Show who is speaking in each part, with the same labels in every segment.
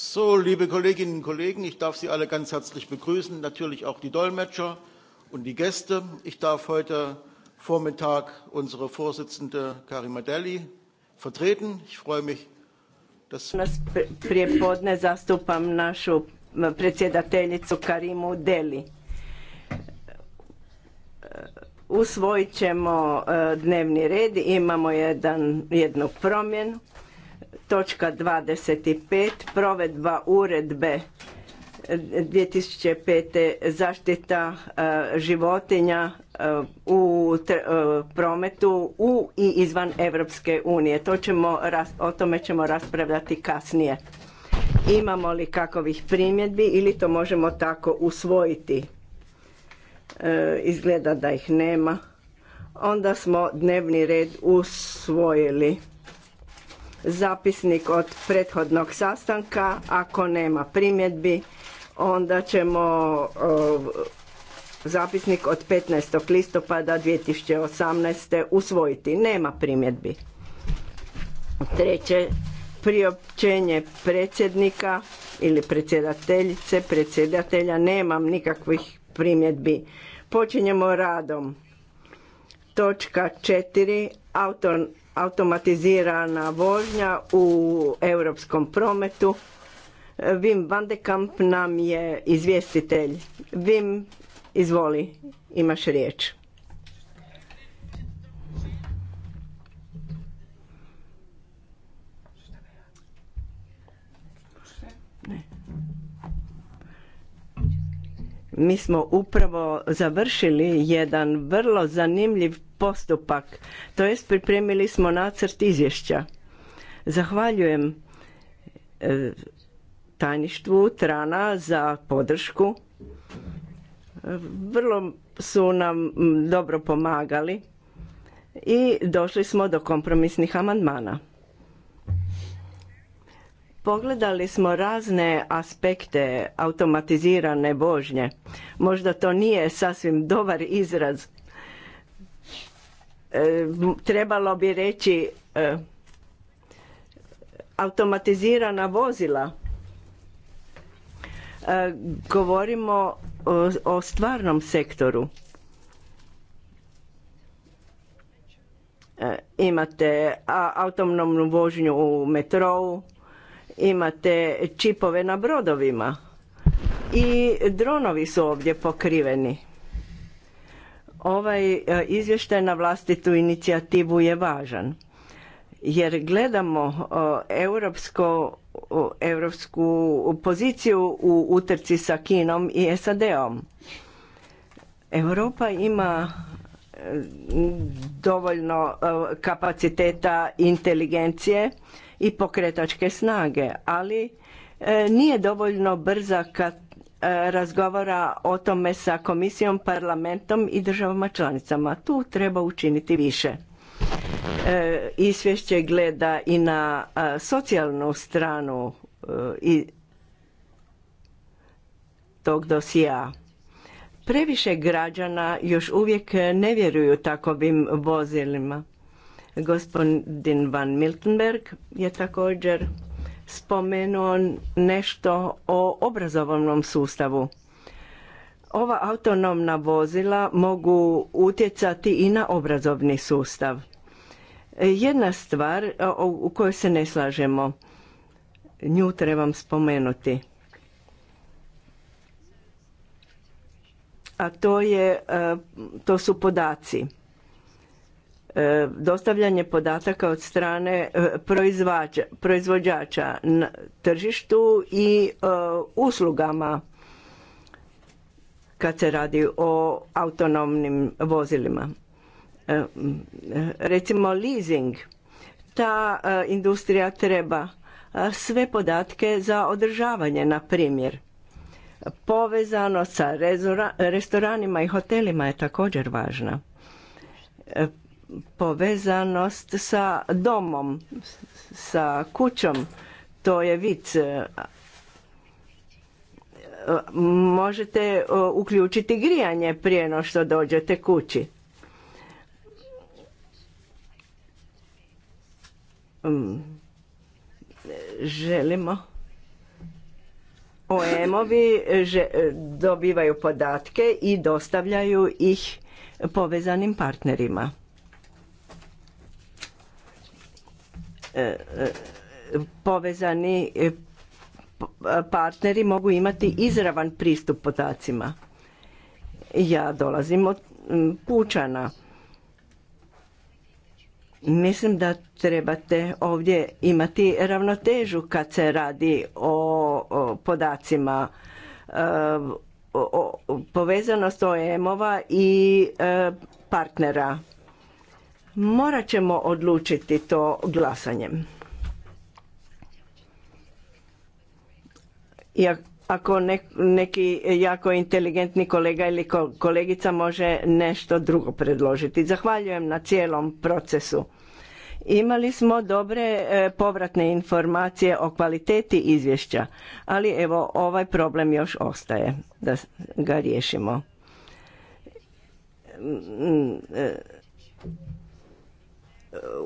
Speaker 1: So, liebe Kolleginnen und Kollegen, ich darf Sie alle ganz herzlich begrüßen, natürlich auch die Dolmetscher und die Gäste. Ich darf heute Vormittag unsere Vorsitzende Karima Deli vertreten. Ich freue
Speaker 2: mich, dass... Prije podne zastupam našu predsjedateljicu Karimu Deli. Usvojit ćemo e, dnevni red, imamo jedan, jednu promjenu. Točka 25. Provedba uredbe 2005. zaštita e, životinja e, u e, prometu u i izvan Evropske unije. To ćemo, o tome ćemo raspravljati kasnije. Imamo li kakovih primjedbi ili to možemo tako usvojiti? izgleda da ih nema. Onda smo dnevni red usvojili zapisnik od prethodnog sastanka. Ako nema primjedbi, onda ćemo zapisnik od 15. listopada 2018. usvojiti. Nema primjedbi. Treće, priopćenje predsjednika ili predsjedateljice, predsjedatelja, nemam nikakvih primjedbi. Počinjemo radom. Točka 4. Autor, automatizirana vožnja u europskom prometu. Vim van de Kamp nam je izvjestitelj. Vim, izvoli, imaš riječ. Mi smo upravo završili jedan vrlo zanimljiv postupak, to jest pripremili smo nacrt izvješća. Zahvaljujem e, tajništvu Trana za podršku. E, vrlo su nam dobro pomagali i došli smo do kompromisnih amandmana. Pogledali smo razne aspekte automatizirane vožnje. Možda to nije sasvim dobar izraz, E, trebalo bi reći e, automatizirana vozila e, govorimo o stvarnom sektoru imate autonomnu vožnju u metrou imate čipove na brodovima i dronovi su ovdje pokriveni Ovaj e, izvještaj na vlastitu inicijativu je važan jer gledamo e, europsko, europsku poziciju u utrci sa Kinom i SAD-om. Europa ima e, dovoljno kapaciteta inteligencije i pokretačke snage, ali nije dovoljno brza kad E, razgovara o tome sa komisijom, parlamentom i državama članicama. Tu treba učiniti više. E, izvješće gleda i na e, socijalnu stranu i tog dosija. Previše građana još uvijek ne vjeruju takovim vozilima. Gospodin Van Miltenberg je također spomenuo nešto o obrazovnom sustavu. Ova autonomna vozila mogu utjecati i na obrazovni sustav. Jedna stvar u kojoj se ne slažemo, nju trebam spomenuti. A to je e, to su podaci. E, dostavljanje podataka od strane e, proizvođača na tržištu i e, uslugama kad se radi o autonomnim vozilima. Recimo leasing. Ta industrija treba sve podatke za održavanje, na primjer. Povezano sa restoranima i hotelima je također važna povezanost sa domom, sa kućom. To je vic. E, možete e, uključiti grijanje prije no što dođete kući. Mm. Želimo. OEM-ovi e, dobivaju podatke i dostavljaju ih povezanim partnerima. E, e, povezani e, partneri mogu imati izravan pristup podacima. Ja dolazim od pučana. Mislim da trebate ovdje imati ravnotežu kad se radi o podacima povezanost OEM-ova i partnera Morat ćemo odlučiti to glasanjem. Ako neki jako inteligentni kolega ili kolegica može nešto drugo predložiti. Zahvaljujem na cijelom procesu. Imali smo dobre e, povratne informacije o kvaliteti izvješća, ali evo ovaj problem još ostaje da ga riješimo mm, mm, e,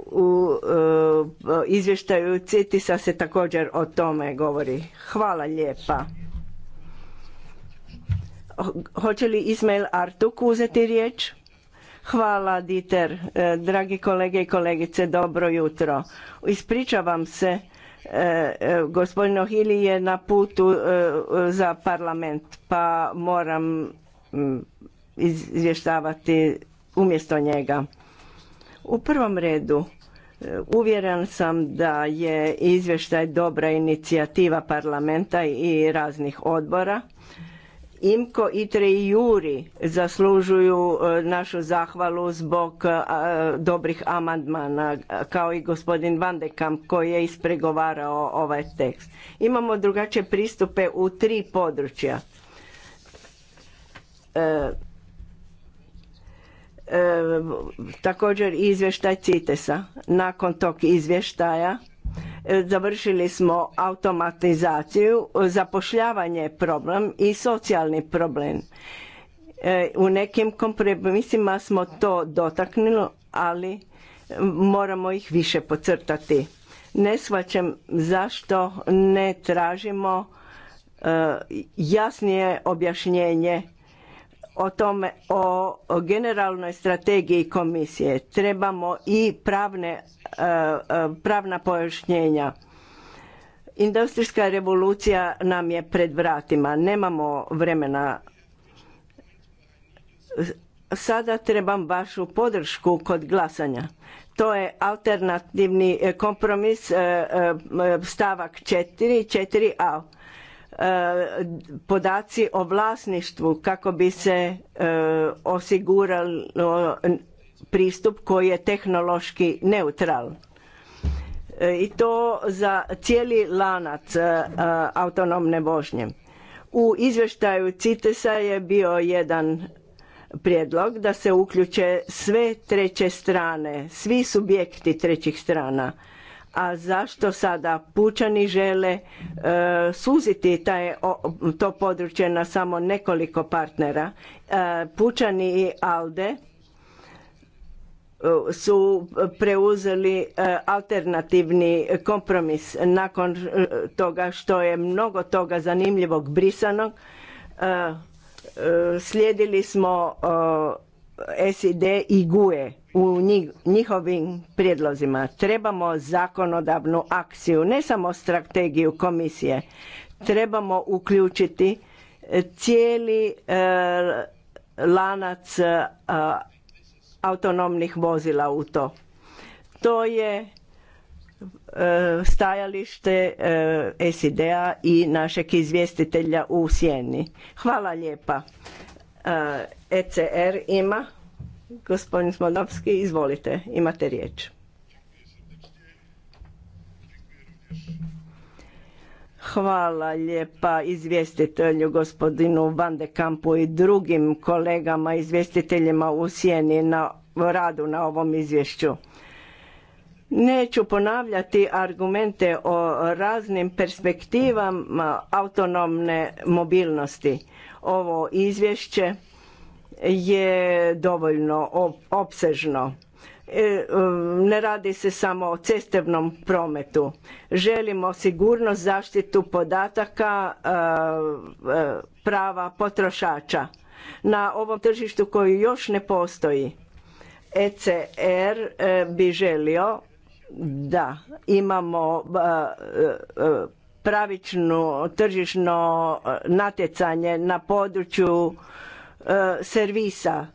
Speaker 2: u e, izvještaju CITISA se također o tome govori. Hvala lijepa. Hoće li Ismail Artuk uzeti riječ? Hvala Diter, e, dragi kolege i kolegice, dobro jutro. Ispričavam se, e, gospodin Ohili je na putu za parlament, pa moram izvještavati umjesto njega. U prvom redu, e, uvjeren sam da je izvještaj dobra inicijativa parlamenta i raznih odbora. Imko, Itre i Juri zaslužuju e, našu zahvalu zbog e, dobrih amandmana, kao i gospodin Vandekamp koji je ispregovarao ovaj tekst. Imamo drugačije pristupe u tri područja. E, također izvještaj CITES-a. Nakon tog izvještaja e, završili smo automatizaciju, zapošljavanje problem i socijalni problem. E, u nekim kompromisima smo to dotaknuli, ali moramo ih više pocrtati. Ne shvaćam zašto ne tražimo jasnije objašnjenje o tome o, generalnoj strategiji komisije trebamo i pravne e, e, pravna pojašnjenja industrijska revolucija nam je pred vratima nemamo vremena sada trebam vašu podršku kod glasanja to je alternativni e, kompromis stavak 4 4a E, podaci o vlasništvu kako bi se e, osigurao pristup koji je tehnološki neutral e, i to za cijeli lanac autonomne vožnje. U izvještaju CITES-a je bio jedan prijedlog da se uključe sve treće strane, svi subjekti trećih strana a zašto sada pučani žele e, suziti to područje na samo nekoliko partnera. E, pučani i ALDE e, su preuzeli alternativni kompromis nakon toga što je mnogo toga zanimljivog brisanog. Slijedili smo SID i GUE u e njihovim prijedlozima. Trebamo zakonodavnu akciju, ne samo strategiju komisije. Trebamo uključiti e, cijeli e, lanac autonomnih vozila u to. To je stajalište SID-a i našeg izvjestitelja u Sjeni. Hvala lijepa. ECR e ima. Gospodin Smolnovski, izvolite, imate riječ. Hvala lijepa izvjestitelju gospodinu Van de Kampu i drugim kolegama izvjestiteljima u Sjeni na radu na ovom izvješću. Neću ponavljati argumente o raznim perspektivama autonomne mobilnosti ovo izvješće je dovoljno opsežno. E, um, ne radi se samo o cestevnom prometu. Želimo sigurnost zaštitu podataka uh, uh, prava potrošača na ovom tržištu koji još ne postoji. ECR uh, bi želio da imamo pravično tržišno e, natjecanje na području e, servisa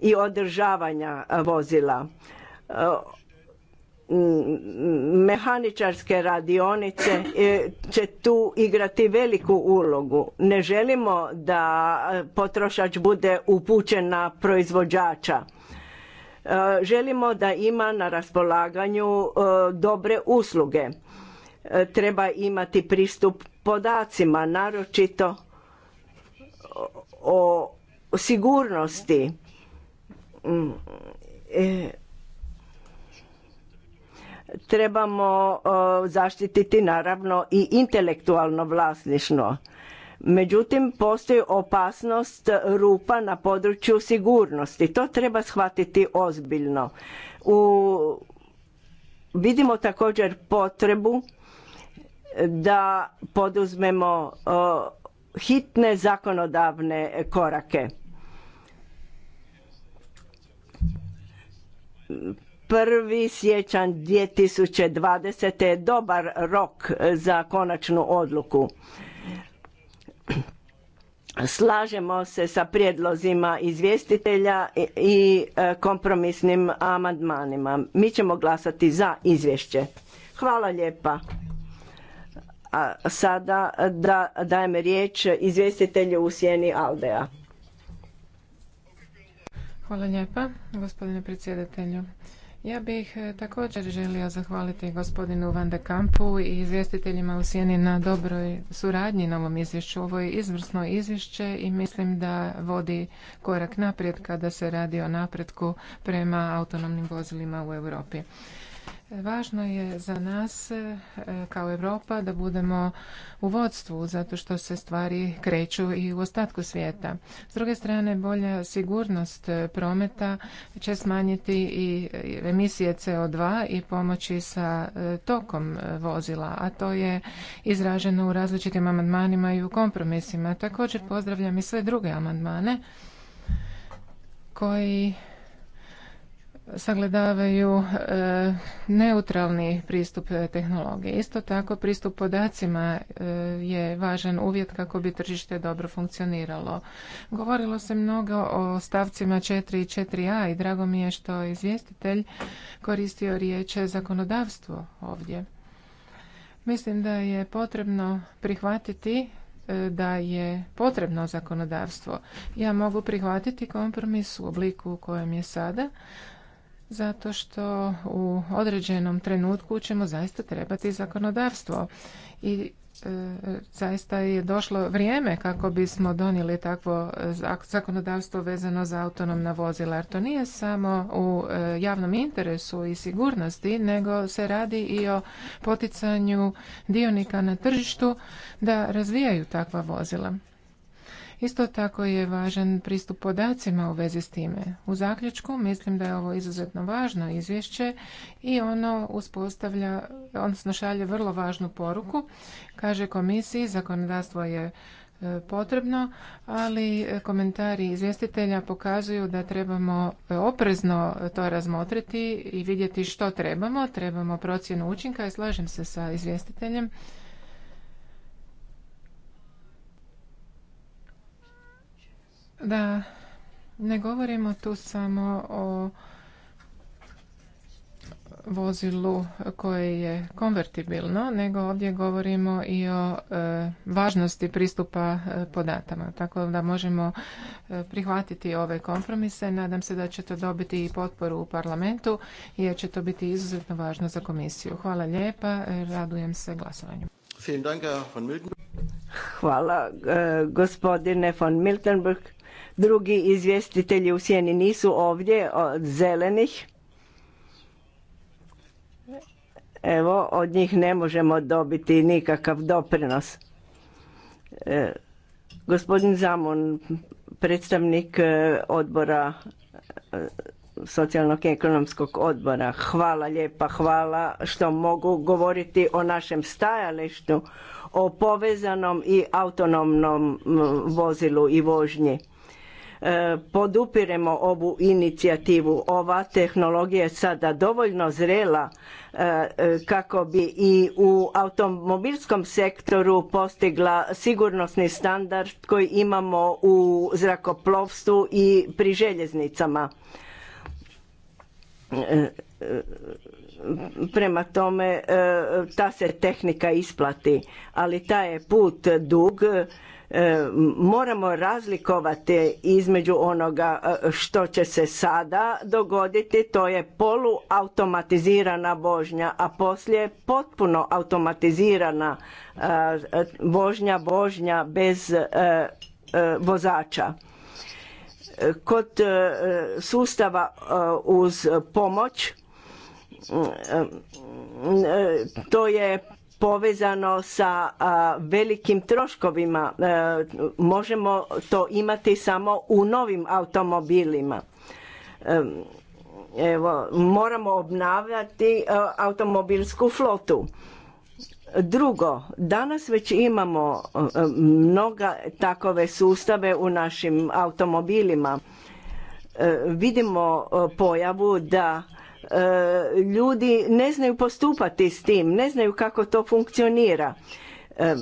Speaker 2: i održavanja e, vozila mehaničarske radionice će tu igrati veliku ulogu. Ne želimo da potrošač bude upućen na proizvođača. Želimo da ima na raspolaganju dobre usluge treba imati pristup podacima, naročito o sigurnosti e, trebamo zaštititi naravno i intelektualno vlasništvo. Međutim, postoji opasnost rupa na području sigurnosti. To treba shvatiti ozbiljno. U... Vidimo također potrebu da poduzmemo hitne zakonodavne korake. Prvi sjećan 2020. je dobar rok za konačnu odluku. Slažemo se sa prijedlozima izvjestitelja i e, kompromisnim amandmanima. Mi ćemo glasati za izvješće. Hvala lijepa. A sada da dajem riječ izvjestitelju u sjeni Aldea.
Speaker 3: Hvala lijepa, gospodine predsjedatelju. Ja bih eh, također želio zahvaliti gospodinu Van de Kampu i izvjestiteljima u Sjeni na dobroj suradnji na ovom izvješću. Ovo je izvrsno izvješće i mislim da vodi korak naprijed kada se radi o napretku prema autonomnim vozilima u Europi. Važno je za nas e, kao Europa da budemo u vodstvu zato što se stvari kreću i u ostatku svijeta. S druge strane, bolja sigurnost prometa će smanjiti i emisije CO2 i pomoći sa e, tokom e, vozila, a to je izraženo u različitim amandmanima i u kompromisima. Također pozdravljam i sve druge amandmane koji sagledavaju e, neutralni pristup e, tehnologije. Isto tako pristup podacima e, je važan uvjet kako bi tržište dobro funkcioniralo. Govorilo se mnogo o stavcima 4 i 4a i drago mi je što izvjestitelj koristio riječ zakonodavstvo ovdje. Mislim da je potrebno prihvatiti da je potrebno zakonodavstvo. Ja mogu prihvatiti kompromis u obliku u kojem je sada, zato što u određenom trenutku ćemo zaista trebati zakonodavstvo i e, zaista je došlo vrijeme kako bismo donijeli takvo e, zakonodavstvo vezano za autonomna vozila jer to nije samo u e, javnom interesu i sigurnosti nego se radi i o poticanju dionika na tržištu da razvijaju takva vozila Isto tako je važan pristup podacima u vezi s time. U zaključku mislim da je ovo izuzetno važno izvješće i ono uspostavlja, odnosno šalje vrlo važnu poruku. Kaže komisiji, zakonodavstvo je e, potrebno, ali e, komentari izvjestitelja pokazuju da trebamo e, oprezno to razmotriti i vidjeti što trebamo. Trebamo procjenu učinka i slažem se sa izvjestiteljem da ne govorimo tu samo o vozilu koje je konvertibilno, nego ovdje govorimo i o e, važnosti pristupa e, podatama. Tako da možemo e, prihvatiti ove kompromise. Nadam se da ćete dobiti i potporu u parlamentu jer će to biti izuzetno važno za komisiju. Hvala lijepa, e, radujem
Speaker 2: se glasovanju. Hvala gospodine von Miltenburg. Drugi izvjestitelji u sjeni nisu ovdje od zelenih. Evo, od njih ne možemo dobiti nikakav doprinos. E, gospodin Zamon, predstavnik e, odbora e, socijalnog i ekonomskog odbora. Hvala lijepa, hvala što mogu govoriti o našem stajalištu, o povezanom i autonomnom vozilu i vožnji. E, podupiremo ovu inicijativu. Ova tehnologija je sada dovoljno zrela e, e, kako bi i u automobilskom sektoru postigla sigurnosni standard koji imamo u zrakoplovstvu i pri željeznicama. Prema tome ta se tehnika isplati, ali taj je put dug E, moramo razlikovati između onoga e, što će se sada dogoditi, to je poluautomatizirana vožnja, a poslije potpuno automatizirana e, vožnja, vožnja bez vozača. Kod sustava uz pomoć to je povezano sa velikim troškovima. E, možemo to imati samo u novim automobilima. E, evo, moramo obnavljati e, automobilsku flotu. Drugo, danas već imamo mnoga takove sustave u našim automobilima. Vidimo pojavu da E, ljudi ne znaju postupati s tim, ne znaju kako to funkcionira. E,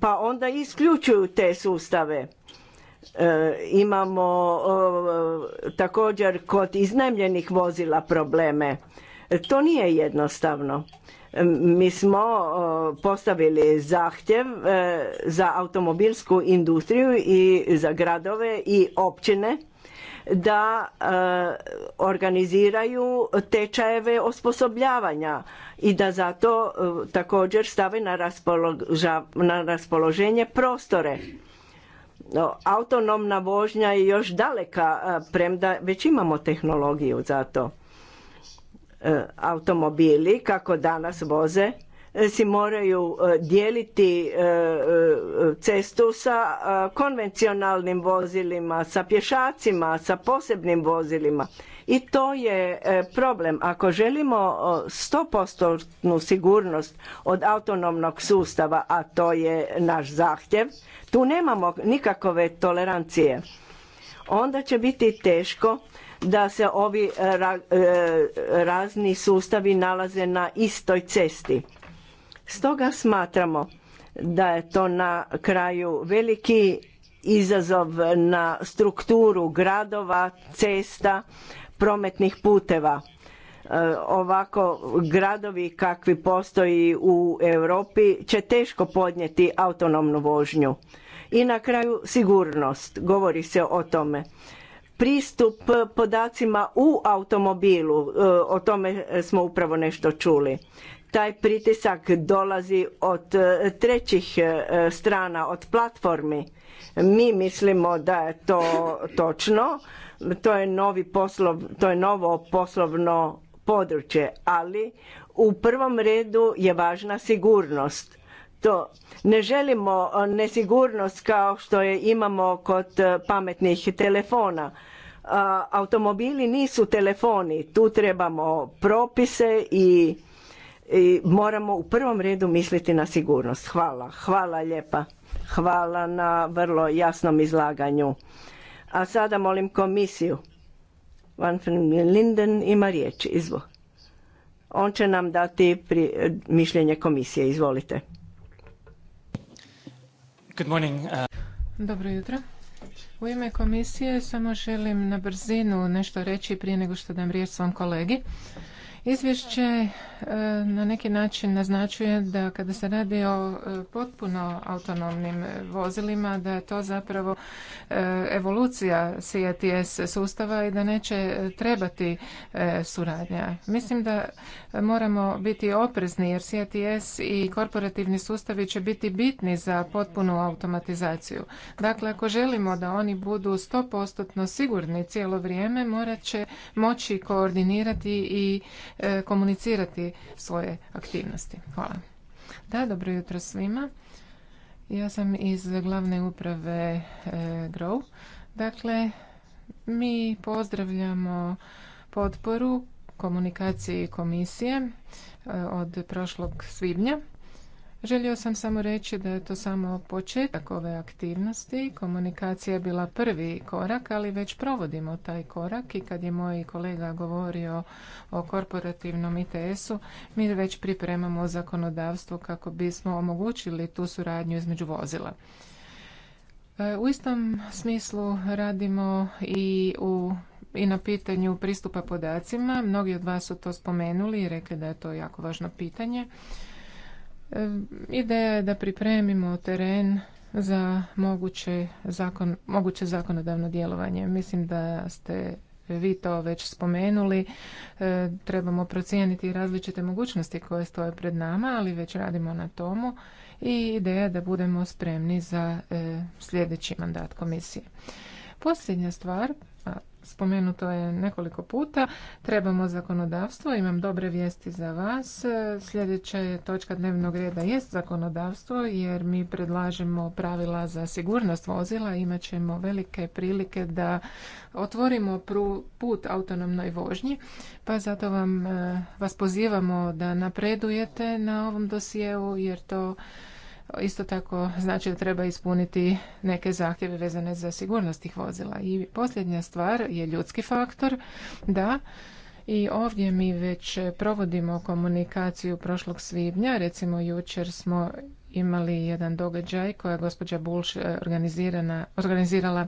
Speaker 2: pa onda isključuju te sustave. E, imamo također kod iznajmljenih vozila probleme. To nije jednostavno. Mi smo postavili zahtjev za automobilsku industriju i za gradove i općine da eh, organiziraju tečajeve osposobljavanja i da zato eh, također stave na raspoloženje prostore. Autonomna vožnja je još daleka, eh, premda već imamo tehnologiju za to. Automobili kako danas voze E, si moraju e, dijeliti e, cestu sa konvencionalnim vozilima, sa pješacima, sa posebnim vozilima. I to je problem. Ako želimo 100% sigurnost od autonomnog sustava, a to je naš zahtjev, tu nemamo nikakve tolerancije. Onda će biti teško da se ovi razni sustavi nalaze na istoj cesti Stoga smatramo da je to na kraju veliki izazov na strukturu gradova, cesta, prometnih puteva. E, ovako gradovi kakvi postoji u Europi će teško podnijeti autonomnu vožnju. I na kraju sigurnost, govori se o tome. Pristup podacima u automobilu, e, o tome smo upravo nešto čuli. Taj pritisak dolazi od e, trećih e, strana, od platformi. Mi mislimo da je to točno, to je novi poslov, to je novo poslovno područje, ali u prvom redu je važna sigurnost. To ne želimo e, nesigurnost kao što je imamo kod pametnih telefona. Automobili nisu telefoni, tu trebamo propise i moramo u prvom redu misliti na sigurnost. Hvala, hvala lijepa. Hvala na vrlo jasnom izlaganju. A sada molim komisiju. Van Linden ima riječ, izvo. On će nam dati pri, mišljenje komisije, izvolite. Good morning. Uh,
Speaker 3: Dobro jutro. U ime komisije samo želim na brzinu nešto reći prije nego što dam riječ svom kolegi. Izvješće e, na neki način naznačuje da kada se radi o e, potpuno autonomnim e, vozilima, da je to zapravo evolucija CTS sustava i da neće trebati suradnja. Mislim da moramo biti oprezni jer CATS i korporativni sustavi će biti bitni za potpunu automatizaciju. Dakle, ako želimo da oni budu 100% sigurni cijelo vrijeme, morat će moći koordinirati i E, komunicirati svoje aktivnosti. Hvala. Da, dobro jutro svima. Ja sam iz glavne uprave e, GROW. Dakle, mi pozdravljamo potporu komunikaciji komisije e, od prošlog svibnja Želio sam samo reći da je to samo početak ove aktivnosti. Komunikacija je bila prvi korak, ali već provodimo taj korak i kad je moj kolega govorio o korporativnom ITS-u, mi već pripremamo zakonodavstvo kako bismo omogućili tu suradnju između vozila. E, u istom smislu radimo i u i na pitanju pristupa podacima. Mnogi od vas su to spomenuli i rekli da je to jako važno pitanje. Ideja je da pripremimo teren za moguće, zakon, moguće zakonodavno djelovanje. Mislim da ste vi to već spomenuli. E, trebamo procijeniti različite mogućnosti koje stoje pred nama, ali već radimo na tomu i ideja da budemo spremni za e, sljedeći mandat komisije. Posljednja stvar spomenuto je nekoliko puta. Trebamo zakonodavstvo, imam dobre vijesti za vas. Sljedeća točka dnevnog reda jest zakonodavstvo jer mi predlažemo pravila za sigurnost vozila. ćemo velike prilike da otvorimo put autonomnoj vožnji pa zato vam, eh, vas pozivamo da napredujete na ovom dosjeu, jer to isto tako znači da treba ispuniti neke zahtjeve vezane za sigurnost tih vozila. I posljednja stvar je ljudski faktor, da i ovdje mi već provodimo komunikaciju prošlog svibnja, recimo jučer smo imali jedan događaj koja je gospođa Bulš e, organizirala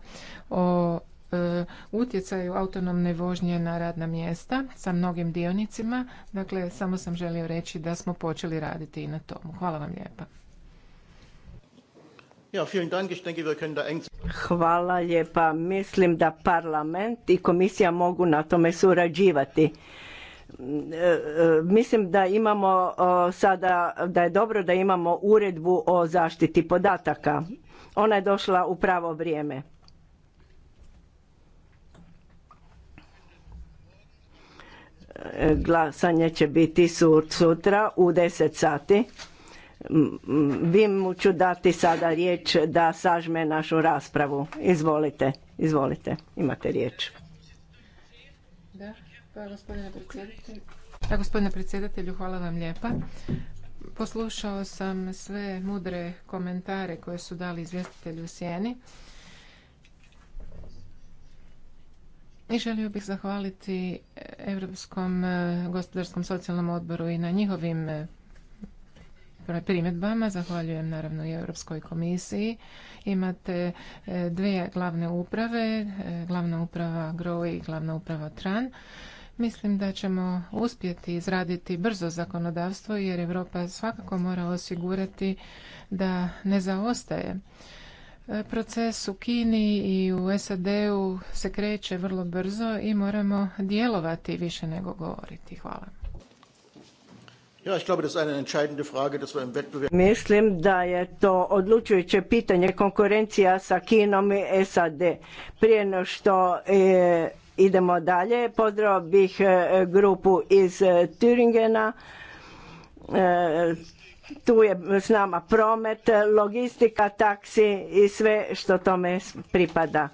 Speaker 3: o e, utjecaju autonomne vožnje na radna mjesta sa mnogim dionicima. Dakle, samo sam želio reći da smo počeli raditi
Speaker 2: i na tomu. Hvala vam lijepa. Hvala lijepa. Mislim da parlament i komisija mogu na tome surađivati. Mm, e, e, mislim da imamo sada, da je dobro da imamo uredbu o zaštiti podataka. Ona je došla u pravo vrijeme. E, glasanje će biti sutra u 10 sati. Vi mu ću dati sada riječ da sažme našu raspravu. Izvolite, izvolite, imate riječ. Da,
Speaker 3: pa pa gospodine predsjedatelju. hvala vam lijepa. Poslušao sam sve mudre komentare koje su dali izvjestitelji u Sjeni. I želio bih zahvaliti Europskom eh, gospodarskom socijalnom odboru i na njihovim eh, primjedbama. Zahvaljujem naravno i Europskoj komisiji. Imate e, dvije glavne uprave, e, glavna uprava GRO i glavna uprava TRAN. Mislim da ćemo uspjeti izraditi brzo zakonodavstvo jer Europa svakako mora osigurati da ne zaostaje. E, proces u Kini i u SAD-u se kreće vrlo brzo i moramo
Speaker 2: djelovati više nego govoriti. Hvala. Mislim da je to odlučujuće pitanje konkurencija sa Kinom i SAD. Prije no što e, idemo dalje, pozdrav bih e, grupu iz e, Turingena. Tu je s nama promet, logistika, taksi i sve što tome pripada.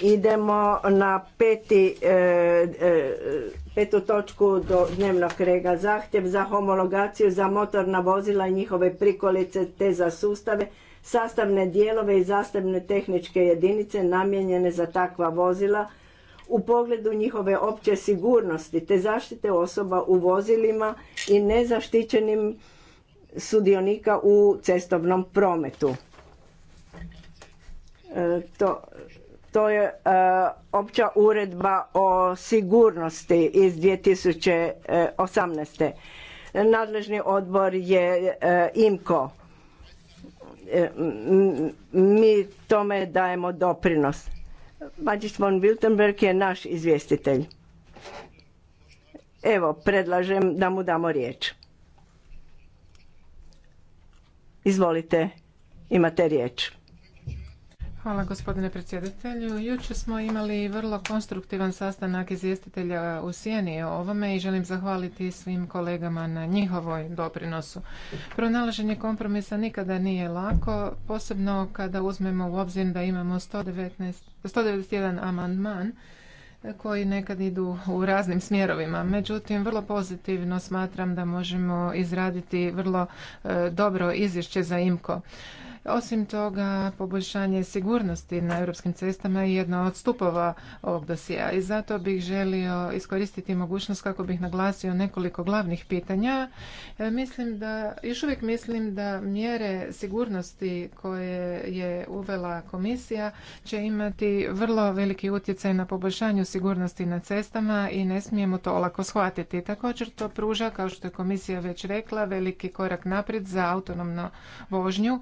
Speaker 2: Idemo na peti, e, e, petu točku do dnevnog rega. Zahtjev za homologaciju za motorna vozila i njihove prikolice te za sustave, sastavne dijelove i zastavne tehničke jedinice namijenjene za takva vozila u pogledu njihove opće sigurnosti te zaštite osoba u vozilima i nezaštićenim sudionika u cestovnom prometu. E, to to je e, opća uredba o sigurnosti iz 2018. Nadležni odbor je e, IMKO. E, mi tome dajemo doprinos. Mađis von Wiltenberg je naš izvjestitelj. Evo, predlažem da mu damo riječ. Izvolite, imate riječ. Hvala
Speaker 3: gospodine predsjedatelju. Jučer smo imali vrlo konstruktivan sastanak izvjestitelja u Sijeni o ovome i želim zahvaliti svim kolegama na njihovoj doprinosu. Pronalaženje kompromisa nikada nije lako, posebno kada uzmemo u obzir da imamo 119, 191 amandman koji nekad idu u raznim smjerovima. Međutim, vrlo pozitivno smatram da možemo izraditi vrlo e, dobro izvješće za IMKO. Osim toga, poboljšanje sigurnosti na europskim cestama je jedna od stupova ovog dosija i zato bih želio iskoristiti mogućnost kako bih naglasio nekoliko glavnih pitanja. E, mislim da, još uvijek mislim da mjere sigurnosti koje je uvela komisija će imati vrlo veliki utjecaj na poboljšanju sigurnosti na cestama i ne smijemo to olako shvatiti. Također to pruža, kao što je komisija već rekla, veliki korak naprijed za autonomnu vožnju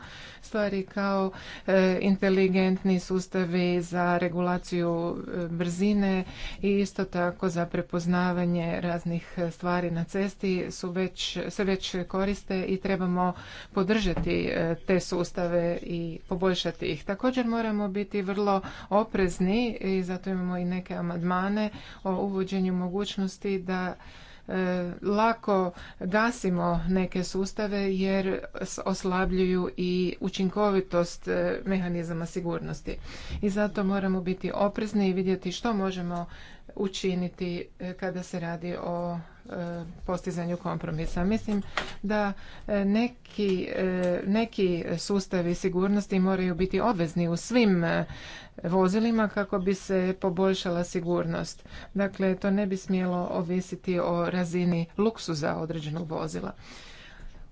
Speaker 3: stvari kao e, inteligentni sustavi za regulaciju e, brzine i isto tako za prepoznavanje raznih stvari na cesti su već, se već koriste i trebamo podržati e, te sustave i poboljšati ih. Također moramo biti vrlo oprezni i zato imamo i neke amandmane o uvođenju mogućnosti da E, lako gasimo neke sustave jer oslabljuju i učinkovitost e, mehanizama sigurnosti. I zato moramo biti oprezni i vidjeti što možemo učiniti e, kada se radi o e, postizanju kompromisa. Mislim da e, neki, neki sustavi sigurnosti moraju biti obvezni u svim vozilima kako bi se poboljšala sigurnost. Dakle, to ne bi smjelo ovisiti o razini luksuza određenog vozila.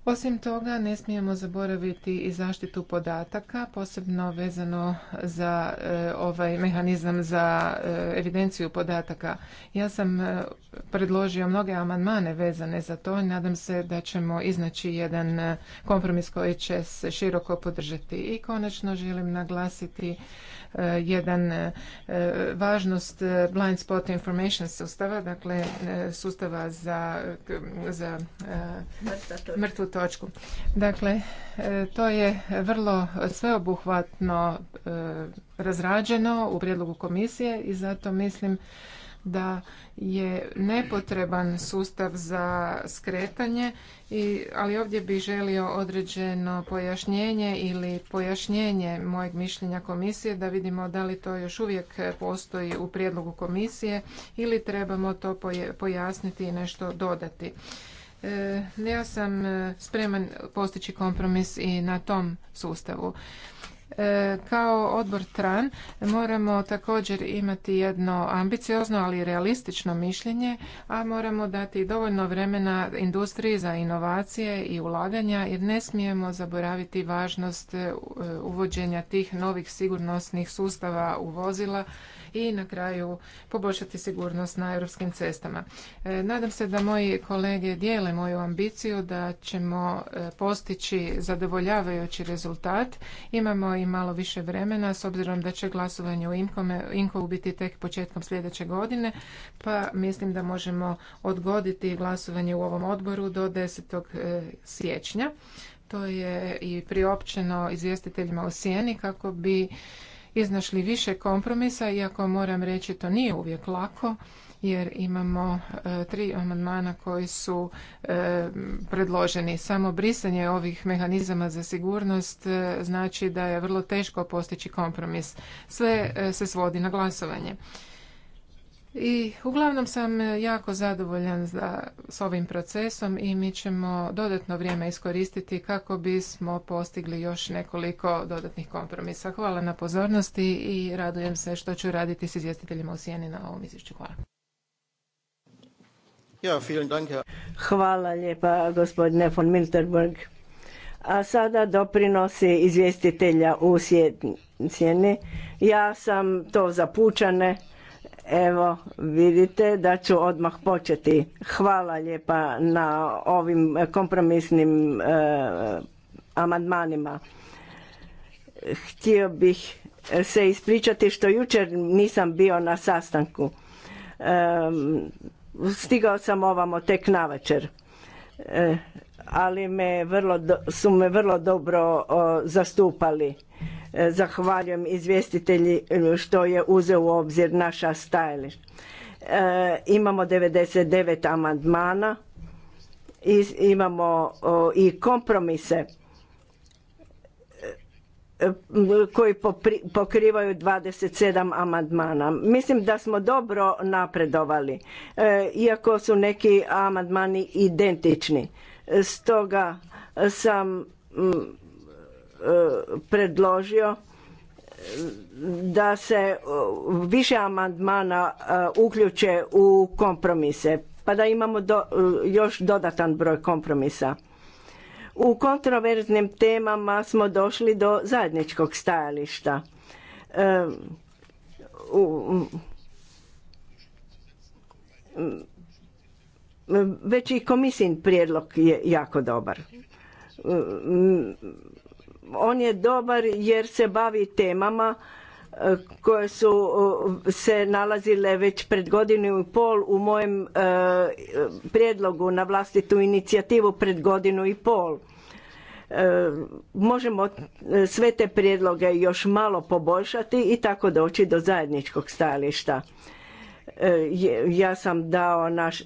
Speaker 3: Osim toga, ne smijemo zaboraviti i zaštitu podataka, posebno vezano za e, ovaj mehanizam za e, evidenciju podataka. Ja sam e, predložio mnoge amandmane vezane za to i nadam se da ćemo iznaći jedan kompromis koji će se široko podržati. I konačno želim naglasiti Eh, jedan eh, važnost eh, blind spot information sustava, dakle sustava za, za mrtvu točku. Dakle, to je vrlo sveobuhvatno razrađeno u prijedlogu komisije i zato mislim da je nepotreban sustav za skretanje, i, ali ovdje bih želio određeno pojašnjenje ili pojašnjenje mojeg mišljenja komisije da vidimo da li to još uvijek postoji u prijedlogu komisije ili trebamo to pojasniti i nešto dodati. E, ja sam e, spreman postići kompromis i na tom sustavu. E, kao odbor TRAN moramo također imati jedno ambiciozno ali realistično mišljenje, a moramo dati dovoljno vremena industriji za inovacije i ulaganja jer ne smijemo zaboraviti važnost e, e, uvođenja tih novih sigurnosnih sustava u vozila i na kraju poboljšati sigurnost na europskim cestama. E, nadam se da moji kolege dijele moju ambiciju da ćemo e, postići zadovoljavajući rezultat. Imamo i malo više vremena s obzirom da će glasovanje u INKO biti tek početkom sljedeće godine, pa mislim da možemo odgoditi glasovanje u ovom odboru do 10. E, siječnja. To je i priopćeno izvjestiteljima u Sijeni kako bi iznašli više kompromisa, iako moram reći to nije uvijek lako, jer imamo e, tri amandmana koji su e, predloženi. Samo brisanje ovih mehanizama za sigurnost e, znači da je vrlo teško postići kompromis. Sve se svodi na glasovanje. I uglavnom sam e, jako zadovoljan za, s ovim procesom i mi ćemo dodatno vrijeme iskoristiti kako bismo postigli još nekoliko dodatnih kompromisa. Hvala na pozornosti i radujem se što ću raditi s izvjestiteljima u Sijeni na ovom izvješću. Hvala.
Speaker 2: Ja, Hvala lijepa gospodine von Milterberg. A sada doprinosi izvjestitelja u Sijeni. Ja sam to zapučane Evo, vidite da ću odmah početi. Hvala lijepa na ovim kompromisnim e, amandmanima. Htio bih se ispričati što jučer nisam bio na sastanku. E, stigao sam ovamo tek navečer. E, ali me vrlo, su me vrlo dobro zastupali. Zahvaljujem izvjestitelji što je uzeo u obzir naša stajališta. E, imamo 99 amandmana i imamo i kompromise e, koji pokrivaju 27 amandmana. Mislim da smo dobro napredovali, e, iako su neki amandmani identični. Stoga sam predložio da se više amandmana e, uključe u kompromise, pa da imamo do, e, još dodatan broj kompromisa. U kontroverznim temama smo došli do zajedničkog stajališta. E, Već i komisijin prijedlog je jako dobar on je dobar jer se bavi temama e, koje su e, se nalazile već pred godinu i pol u mojem e, prijedlogu na vlastitu inicijativu pred godinu i pol. Možemo sve te prijedloge još malo poboljšati i tako doći do zajedničkog stajališta. Ja sam dao naš,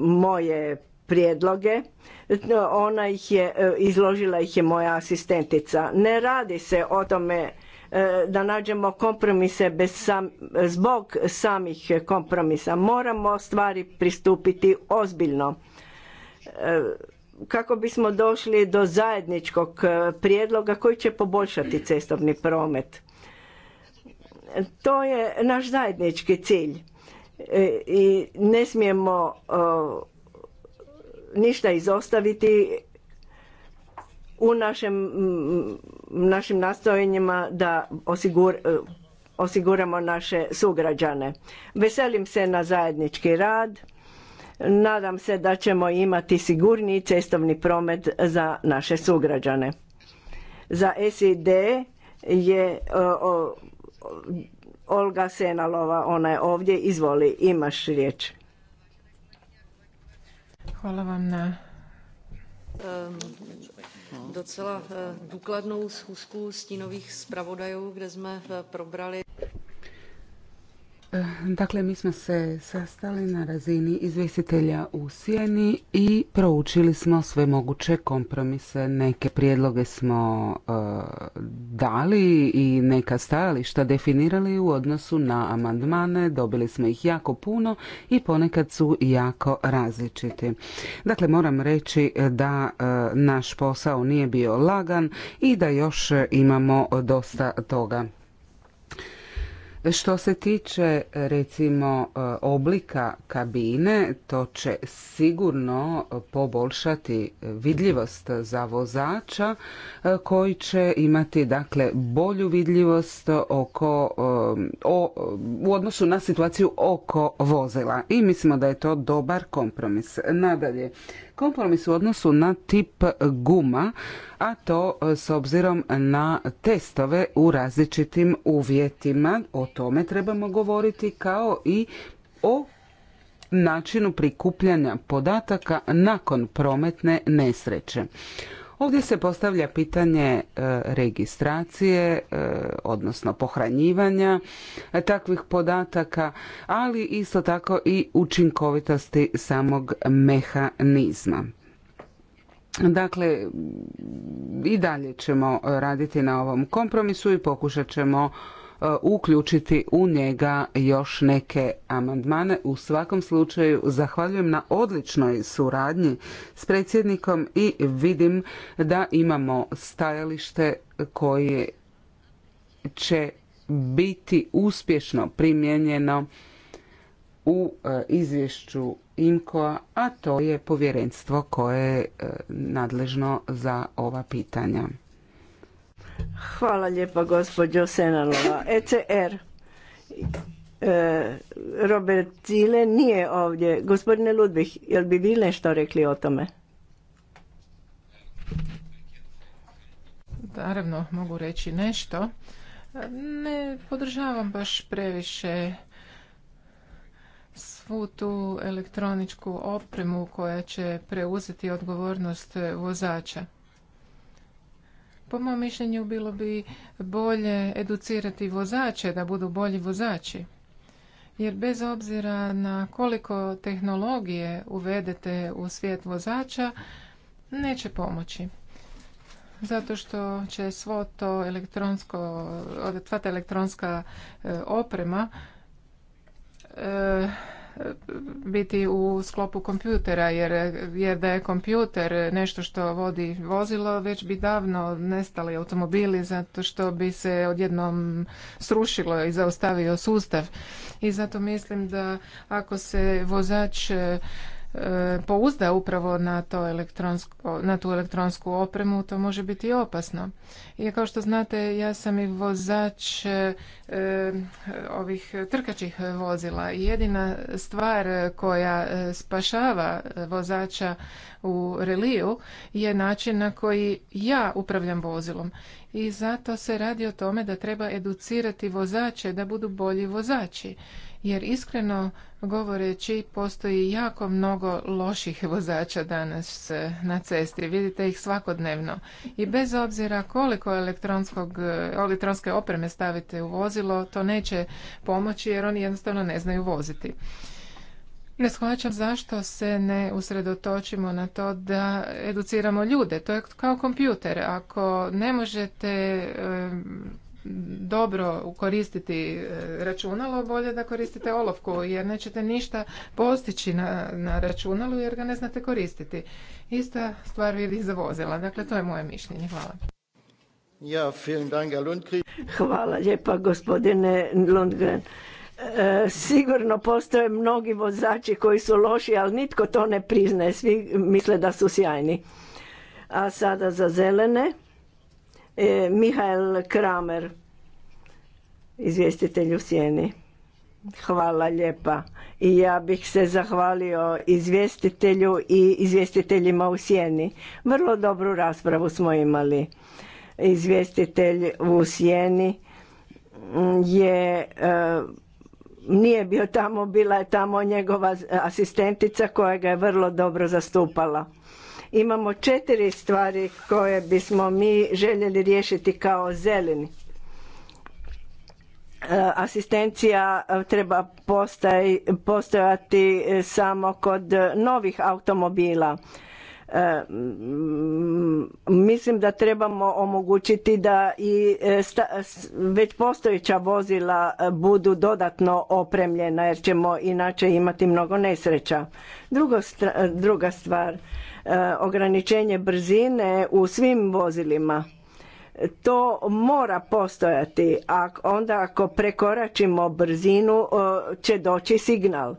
Speaker 2: moje prijedloge ona ih je, e, izložila ih je moja asistentica. Ne radi se o tome e, da nađemo kompromise bez sam, zbog samih kompromisa. Moramo stvari pristupiti ozbiljno e, kako bismo došli do zajedničkog prijedloga koji će poboljšati cestovni promet. To je naš zajednički cilj i ne smijemo ništa izostaviti u našem, našim nastojanjima da osigur, osiguramo naše sugrađane. Veselim se na zajednički rad. Nadam se da ćemo imati sigurniji cestovni promet za naše sugrađane. Za SID je Olga Senalova, ona je ovdje, izvoli, imaš riječ. Hvala vam na docela eh, důkladnou schůzku stínových zpravodajů, kde jsme eh, probrali
Speaker 4: Dakle, mi smo se sastali na razini izvjestitelja u Sijeni i proučili smo sve moguće kompromise. Neke prijedloge smo e, dali i neka stajališta definirali u odnosu na amandmane. Dobili smo ih jako puno i ponekad su jako različiti. Dakle, moram reći da e, naš posao nije bio lagan i da još imamo dosta toga što se tiče recimo e, oblika kabine, to će sigurno poboljšati vidljivost za vozača e, koji će imati dakle bolju vidljivost oko e, u odnosu na situaciju oko vozila i mislimo da je to dobar kompromis. Nadalje, kompromis u odnosu na tip guma, a to e, s obzirom na testove u različitim uvjetima. O tome trebamo govoriti kao i o načinu prikupljanja podataka nakon prometne nesreće. Ovdje se postavlja pitanje e, registracije, e, odnosno pohranjivanja e, takvih podataka, ali isto tako i učinkovitosti samog mehanizma. Dakle, i dalje ćemo raditi na ovom kompromisu i pokušat ćemo E, uključiti u njega još neke amandmane. U svakom slučaju zahvaljujem na odličnoj suradnji s predsjednikom i vidim da imamo stajalište koje će biti uspješno primijenjeno u e, izvješću IMKO-a, a to je povjerenstvo koje je e, nadležno za ova pitanja.
Speaker 2: Hvala lijepa gospođo Senalova. ECR. E, Robert Cile nije ovdje. Gospodine Ludvih, jel bi vi nešto rekli o tome? Naravno, mogu reći nešto.
Speaker 3: Ne podržavam baš previše svu tu elektroničku opremu koja će preuzeti odgovornost vozača. Po mom mišljenju bilo bi bolje educirati vozače da budu bolji vozači. Jer bez obzira na koliko tehnologije uvedete u svijet vozača, neće pomoći. Zato što će svo to elektronsko, sva ta elektronska e, oprema e, biti u sklopu kompjutera jer, jer da je kompjuter nešto što vodi vozilo već bi davno nestali automobili zato što bi se odjednom srušilo i zaustavio sustav i zato mislim da ako se vozač pouzda upravo na, to na tu elektronsku opremu, to može biti opasno. I kao što znate, ja sam i vozač e, e, ovih trkačih vozila jedina stvar koja e, spašava vozača u reliju je način na koji ja upravljam vozilom. I zato se radi o tome da treba educirati vozače da budu bolji vozači jer iskreno govoreći postoji jako mnogo loših vozača danas e, na cesti. Vidite ih svakodnevno. I bez obzira koliko elektronskog, e, elektronske opreme stavite u vozilo, to neće pomoći jer oni jednostavno ne znaju voziti. Ne shvaćam zašto se ne usredotočimo na to da educiramo ljude. To je kao kompjuter. Ako ne možete e, dobro koristiti e, računalo, bolje da koristite olovku jer nećete ništa postići na, na računalu jer ga ne znate koristiti. Ista stvar vidi za vozila. Dakle, to je moje mišljenje. Hvala.
Speaker 2: Ja, vielen Dank, Hvala lijepa gospodine Lundgren. E, sigurno postoje mnogi vozači koji su loši, ali nitko to ne priznaje. Svi misle da su sjajni. A sada za zelene. E, Mihael Kramer, izvjestitelj u Sjeni. Hvala lijepa. I ja bih se zahvalio izvjestitelju i izvjestiteljima u Sjeni. Vrlo dobru raspravu smo imali. Izvjestitelj u Sjeni mm, je e, nije bio tamo, bila je tamo njegova asistentica koja ga je vrlo dobro zastupala. Imamo četiri stvari koje bismo mi željeli riješiti kao zeleni. E, asistencija e, treba postojati e, samo kod novih automobila E, mislim da trebamo omogućiti da i e, već postojeća vozila e, budu dodatno opremljena jer ćemo inače imati mnogo nesreća. Druga stvar, ograničenje brzine u svim vozilima to mora postojati a onda ako prekoračimo brzinu će doći signal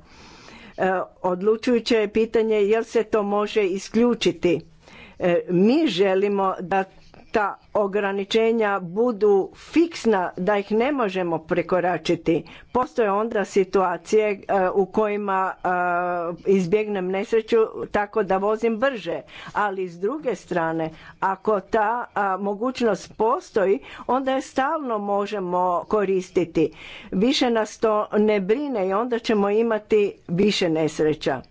Speaker 2: E, odlučujuće je pitanje jel se to može isključiti. E, mi želimo da ta ograničenja budu fiksna da ih ne možemo prekoračiti postoje onda situacije e, u kojima e, izbjegnem nesreću tako da vozim brže ali s druge strane ako ta mogućnost postoji onda je stalno možemo koristiti više nas to ne brine i onda ćemo imati više nesreća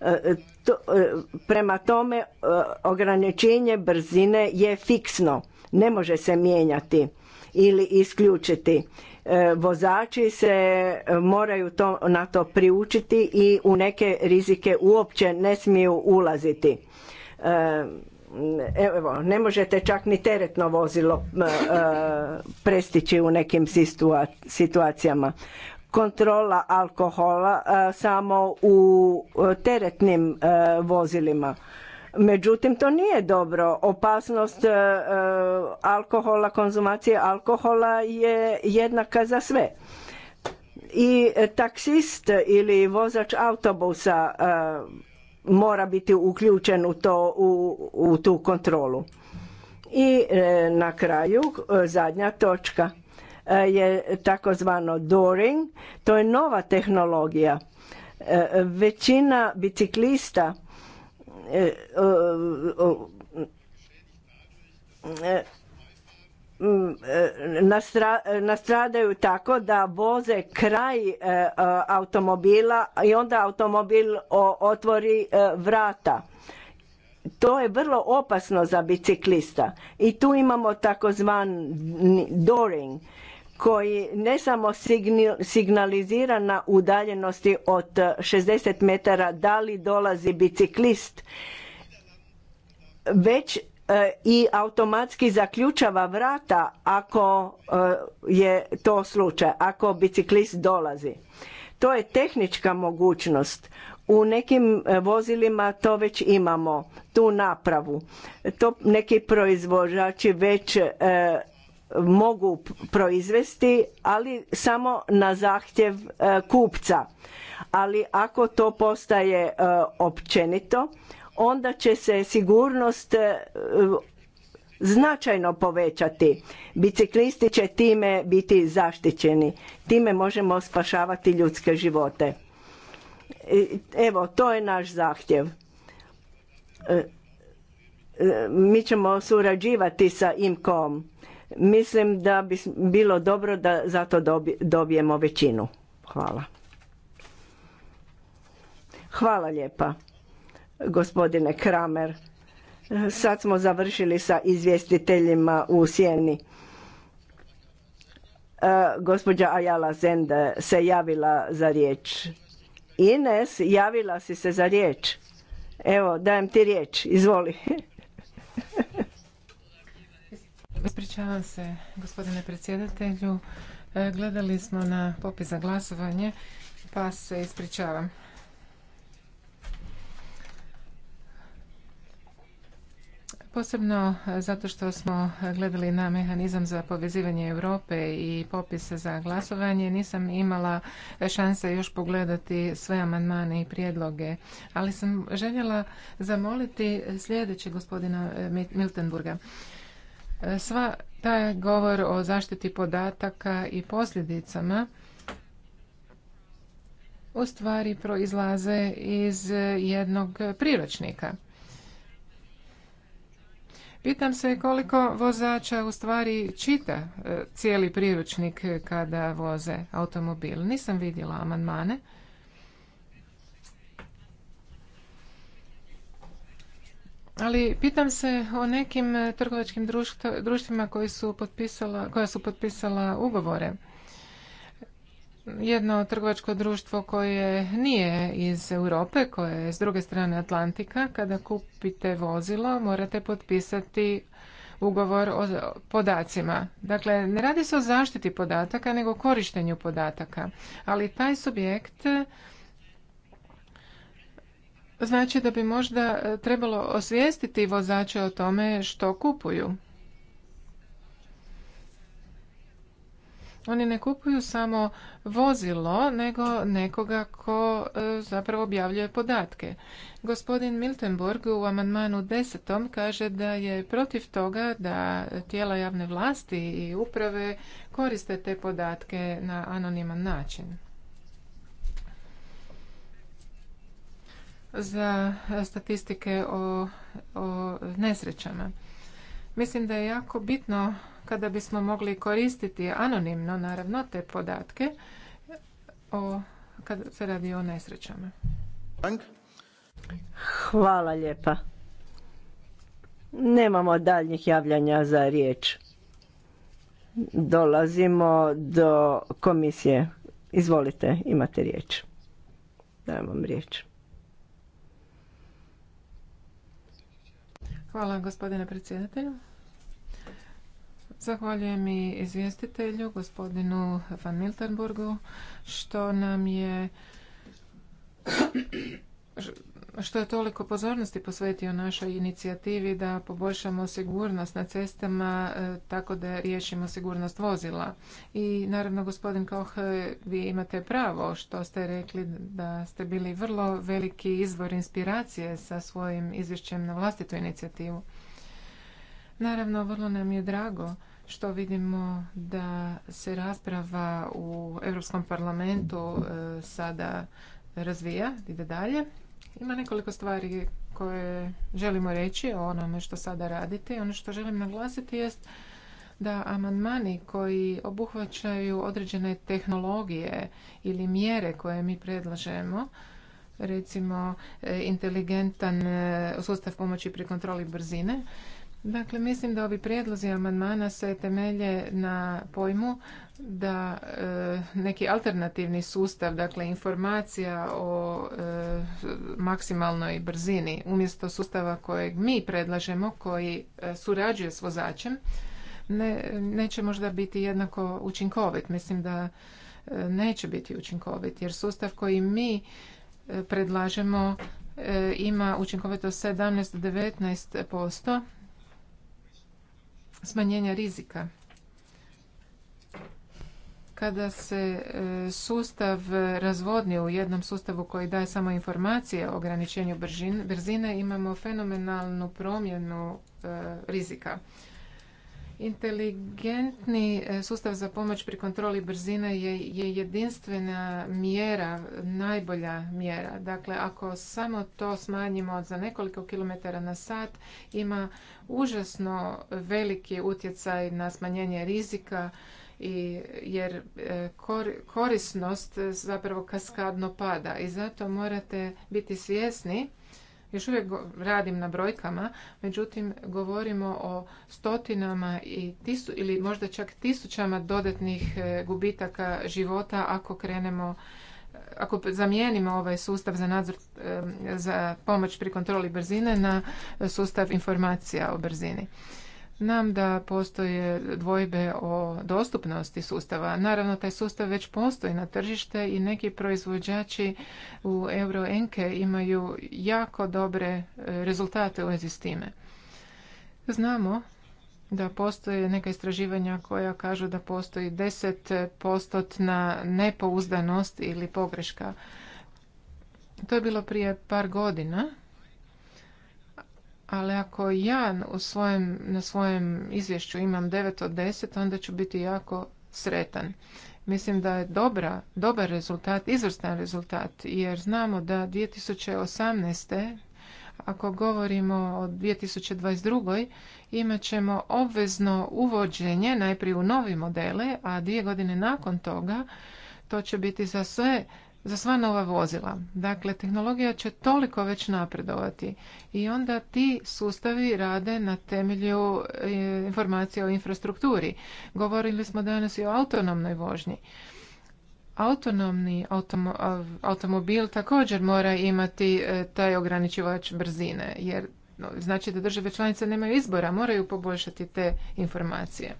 Speaker 2: e, E, prema tome e, ograničenje brzine je fiksno ne može se mijenjati ili isključiti e, vozači se moraju to, na to priučiti i u neke rizike uopće ne smiju ulaziti evo ne možete čak ni teretno vozilo prestići u nekim situacijama kontrola alkohola e, samo u e, teretnim e, vozilima. Međutim, to nije dobro. Opasnost alkohola, konzumacije alkohola je jednaka za sve. I taksist ili vozač autobusa mora biti uključen u, to, u, u tu kontrolu. I na kraju zadnja točka. Eh, je takozvano Doring, to je nova tehnologija. Eh, većina biciklista eh, mm, nastradaju tako da voze kraj automobila i onda automobil otvori vrata. To je vrlo opasno za biciklista. I tu imamo takozvan doring koji ne samo signalizira na udaljenosti od 60 metara da li dolazi biciklist, već e, i automatski zaključava vrata ako e, je to slučaj, ako biciklist dolazi. To je tehnička mogućnost. U nekim e, vozilima to već imamo, tu napravu. To neki proizvođači već mogu proizvesti, ali samo na zahtjev e, kupca. Ali ako to postaje e, općenito, onda će se sigurnost e, značajno povećati. Biciklisti će time biti zaštićeni. Time možemo spašavati ljudske živote. Evo, to je naš zahtjev. Mi ćemo surađivati sa IMCO-om. Mislim da bi bilo dobro da zato dobijemo većinu. Hvala. Hvala lijepa, gospodine Kramer. Sad smo završili sa izvjestiteljima u Sjeni. E, gospođa Ajala Zende se javila za riječ. Ines, javila si se za riječ. Evo, dajem ti riječ, izvoli.
Speaker 3: Ispričavam se, gospodine predsjedatelju. E, gledali smo na popis za glasovanje, pa se ispričavam. Posebno e, zato što smo gledali na mehanizam za povezivanje Europe i popise za glasovanje, nisam imala šanse još pogledati sve amandmane i prijedloge, ali sam željela zamoliti sljedeće gospodina e, Miltenburga. Sva taj govor o zaštiti podataka i posljedicama u stvari proizlaze iz jednog priročnika. Pitam se koliko vozača u stvari čita e, cijeli priručnik kada voze automobil. Nisam vidjela amandmane. ali pitam se o nekim e, trgovačkim društvima koji su potpisala, koja su potpisala ugovore. Jedno trgovačko društvo koje nije iz Europe, koje je s druge strane Atlantika, kada kupite vozilo morate potpisati ugovor o podacima. Dakle, ne radi se o zaštiti podataka, nego korištenju podataka. Ali taj subjekt znači da bi možda e, trebalo osvijestiti vozače o tome što kupuju. Oni ne kupuju samo vozilo, nego nekoga ko e, zapravo objavljuje podatke. Gospodin Miltenburg u amandmanu desetom kaže da je protiv toga da tijela javne vlasti i uprave koriste te podatke na anoniman način. za statistike o, nesrećama. Mislim da je jako bitno kada bismo mogli koristiti anonimno, naravno, te podatke
Speaker 2: o, kada se radi o nesrećama. Hvala lijepa. Nemamo daljnjih javljanja za riječ. Dolazimo do komisije. Izvolite, imate riječ. Dajem vam riječ.
Speaker 3: Hvala gospodine predsjedatelju. Zahvaljujem i izvjestitelju, gospodinu Van Miltenburgu, što nam je što je toliko pozornosti posvetio našoj inicijativi da poboljšamo sigurnost na cestama e, tako da riješimo sigurnost vozila. I naravno, gospodin Koh, e, vi imate pravo što ste rekli da ste bili vrlo veliki izvor inspiracije sa svojim izvješćem na vlastitu inicijativu. Naravno, vrlo nam je drago što vidimo da se rasprava u Europskom parlamentu e, sada razvija, ide dalje. Ima nekoliko stvari koje želimo reći o onome što sada radite. Ono što želim naglasiti jest da amandmani koji obuhvaćaju određene tehnologije ili mjere koje mi predlažemo, recimo e, inteligentan e, sustav pomoći pri kontroli brzine, Dakle, mislim da ovi prijedlozi amandmana se temelje na pojmu da e, neki alternativni sustav, dakle informacija o e, maksimalnoj brzini umjesto sustava kojeg mi predlažemo, koji e, surađuje s vozačem, neće možda biti jednako učinkovit. Mislim da neće biti učinkovit jer sustav koji mi predlažemo ima učinkovitost 17-19%, smanjenja rizika. Kada se e, sustav razvodni u jednom sustavu koji daje samo informacije o ograničenju brzine, imamo fenomenalnu promjenu e, rizika. Inteligentni e, sustav za pomoć pri kontroli brzine je, je jedinstvena mjera, najbolja mjera. Dakle, ako samo to smanjimo za nekoliko kilometara na sat, ima užasno veliki utjecaj na smanjenje rizika i jer e, korisnost zapravo kaskadno pada i zato morate biti svjesni još uvijek radim na brojkama, međutim govorimo o stotinama i tisu, ili možda čak tisućama dodatnih e, gubitaka života ako krenemo e, ako zamijenimo ovaj sustav za nadzor e, za pomoć pri kontroli brzine na sustav informacija o brzini. Znam da postoje dvojbe o dostupnosti sustava. Naravno, taj sustav već postoji na tržište i neki proizvođači u Euroenke imaju jako dobre e, rezultate u vezi s time. Znamo da postoje neka istraživanja koja kažu da postoji 10% nepouzdanost ili pogreška. To je bilo prije par godina ali ako ja u na svojem izvješću imam 9 od 10, onda ću biti jako sretan. Mislim da je dobra, dobar rezultat, izvrstan rezultat, jer znamo da 2018. ako govorimo o 2022. imat ćemo obvezno uvođenje najprije u novi modele, a dvije godine nakon toga to će biti za sve za sva nova vozila. Dakle, tehnologija će toliko već napredovati i onda ti sustavi rade na temelju e, informacije o infrastrukturi. Govorili smo danas i o autonomnoj vožnji. Autonomni automobil također mora imati e, taj ograničivač brzine, jer no, znači da države članice nemaju izbora, moraju poboljšati te informacije.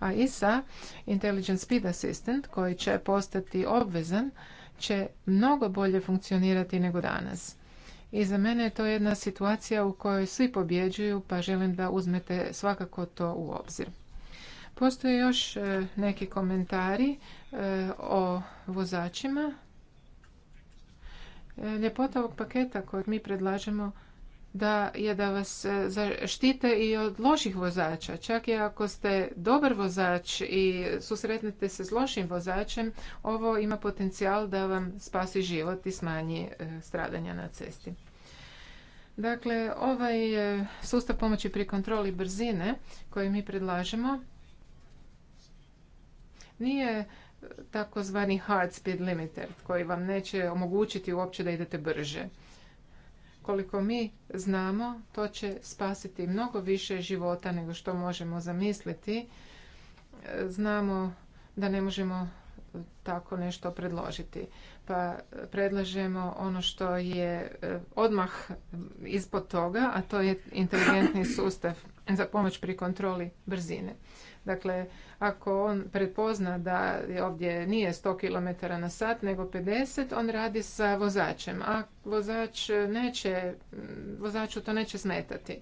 Speaker 3: A ISA, Intelligent Speed Assistant, koji će postati obvezan, će mnogo bolje funkcionirati nego danas. I za mene je to jedna situacija u kojoj svi pobjeđuju, pa želim da uzmete svakako to u obzir. Postoje još e, neki komentari e, o vozačima. E, ljepota ovog paketa kojeg mi predlažemo da je da vas e, štite i od loših vozača. Čak i ako ste dobar vozač i susretnete se s lošim vozačem, ovo ima potencijal da vam spasi život i smanji e, stradanja na cesti. Dakle, ovaj e, sustav pomoći pri kontroli brzine koji mi predlažemo nije takozvani hard speed limiter koji vam neće omogućiti uopće da idete brže koliko mi znamo, to će spasiti mnogo više života nego što možemo zamisliti. E, znamo da ne možemo tako nešto predložiti. Pa predlažemo ono što je e, odmah ispod toga, a to je inteligentni sustav za pomoć pri kontroli brzine. Dakle, ako on prepozna da ovdje nije 100 km na sat nego 50, on radi sa vozačem, a vozač neće, vozaču to neće smetati.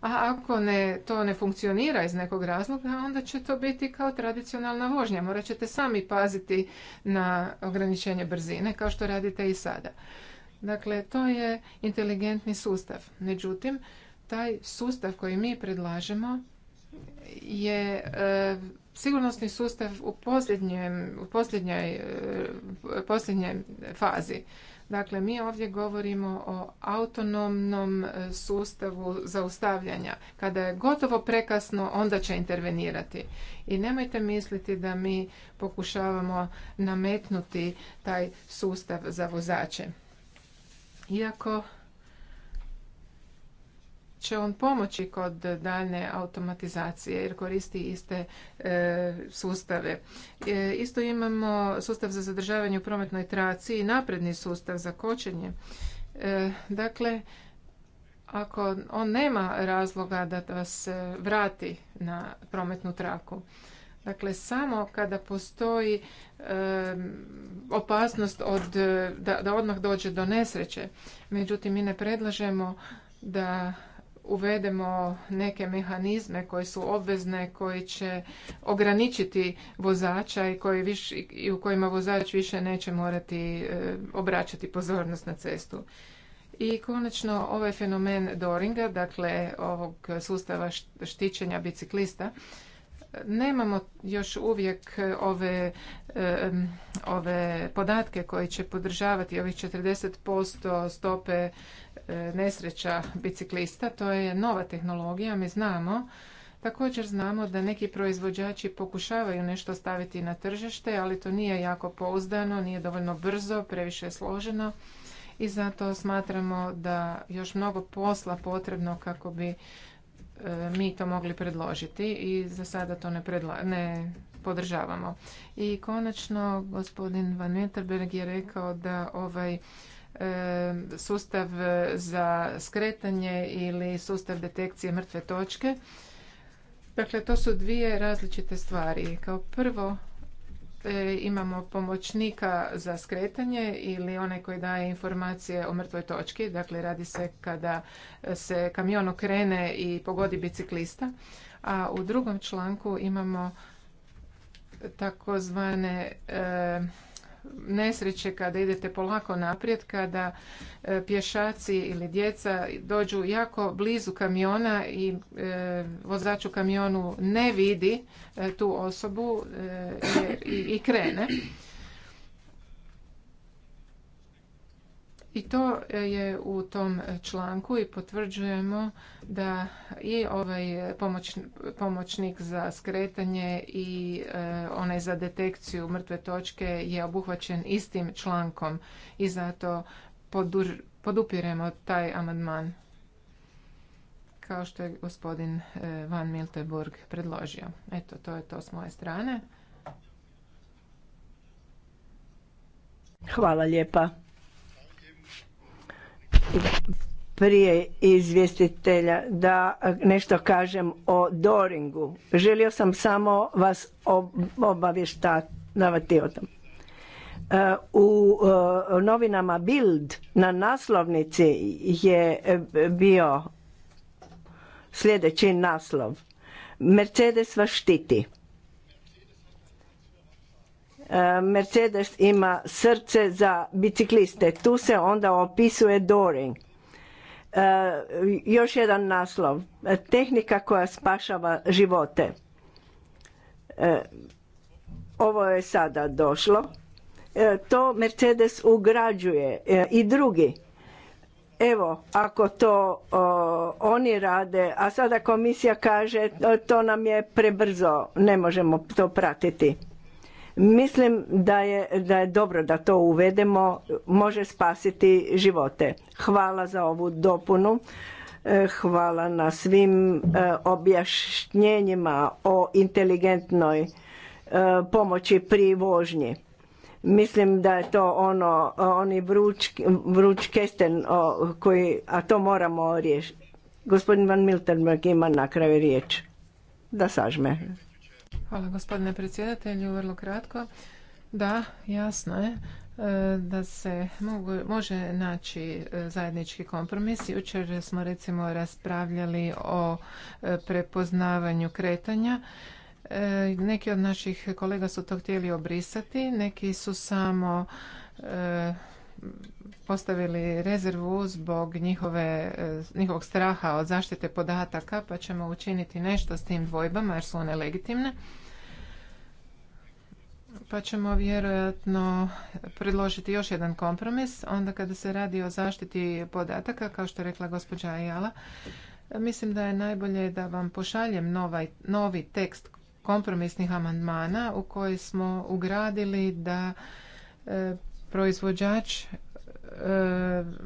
Speaker 3: A ako ne, to ne funkcionira iz nekog razloga, onda će to biti kao tradicionalna vožnja. Morat ćete sami paziti na ograničenje brzine, kao što radite i sada. Dakle, to je inteligentni sustav. Međutim, taj sustav koji mi predlažemo je e, sigurnosni sustav u posljednjoj, e, posljednjoj fazi. Dakle, mi ovdje govorimo o autonomnom e, sustavu zaustavljanja. Kada je gotovo prekasno, onda će intervenirati. I nemojte misliti da mi pokušavamo nametnuti taj sustav za vozače. Iako će on pomoći kod daljne automatizacije jer koristi iste e, sustave. E, isto imamo sustav za zadržavanje u prometnoj traci i napredni sustav za kočenje. E, dakle, ako on nema razloga da vas vrati na prometnu traku. Dakle, samo kada postoji opasnost od, da, da odmah dođe do nesreće. Međutim, mi ne predlažemo da uvedemo neke mehanizme koji su obvezne, koji će ograničiti vozača i, koji u kojima vozač više neće morati e, obraćati pozornost na cestu. I konačno ovaj fenomen Doringa, dakle ovog sustava štićenja biciklista, nemamo još uvijek ove, e, ove podatke koji će podržavati ovih 40% stope E, nesreća biciklista. To je nova tehnologija, mi znamo. Također znamo da neki proizvođači pokušavaju nešto staviti na tržište, ali to nije jako pouzdano, nije dovoljno brzo, previše je složeno i zato smatramo da još mnogo posla potrebno kako bi e, mi to mogli predložiti i za sada to ne, ne podržavamo. I konačno, gospodin Van Meterberg je rekao da ovaj sustav e, za skretanje ili sustav detekcije mrtve točke. Dakle, to su dvije različite stvari. Kao prvo, e, imamo pomoćnika za skretanje ili onaj koji daje informacije o mrtvoj točki. Dakle, radi se kada se kamion okrene i pogodi biciklista. A u drugom članku imamo takozvane e, nesreće kada idete polako naprijed, kada e, pješaci ili djeca dođu jako blizu kamiona i e, vozač u kamionu ne vidi e, tu osobu i krene. I to e, je u tom e, članku i potvrđujemo da i ovaj e, pomoćnik za skretanje i onaj za detekciju mrtve točke je obuhvaćen istim člankom i zato podupiremo taj amandman kao što je gospodin Van Milteburg predložio. Eto, to je to s moje strane.
Speaker 2: Hvala lijepa prije izvjestitelja da nešto kažem o Doringu. Želio sam samo vas obavještavati o tom. Uh, u uh, novinama Bild na naslovnici je e, bio sljedeći naslov. Mercedes vas štiti. Mercedes ima srce za bicikliste. Tu se onda opisuje Doring. E, još jedan naslov. Tehnika koja spašava živote. E, ovo je sada došlo. E, to Mercedes ugrađuje i drugi. Evo, ako to oni rade, a sada komisija kaže to nam je prebrzo, ne možemo to pratiti. Mislim da je, da je dobro da to uvedemo, može spasiti živote. Hvala za ovu dopunu, e, hvala na svim e, objašnjenjima o inteligentnoj e, pomoći pri vožnji. Mislim da je to ono, oni vruć, kesten koji, a to moramo riješiti. Gospodin Van Miltenberg ima na kraju riječ. Da sažme.
Speaker 3: Hvala gospodine predsjedatelju, vrlo kratko. Da, jasno je e, da se mogu, može naći e, zajednički kompromis. Jučer smo recimo raspravljali o e, prepoznavanju kretanja. Neki od naših kolega su to htjeli obrisati, neki su samo postavili rezervu zbog njihove, e, njihovog straha od zaštite podataka, pa ćemo učiniti nešto s tim dvojbama jer su one legitimne. Pa ćemo vjerojatno predložiti još jedan kompromis. Onda kada se radi o zaštiti podataka, kao što je rekla gospođa Ajala, mislim da je najbolje da vam pošaljem novaj, novi tekst kompromisnih amandmana u koji smo ugradili da e, proizvođač e,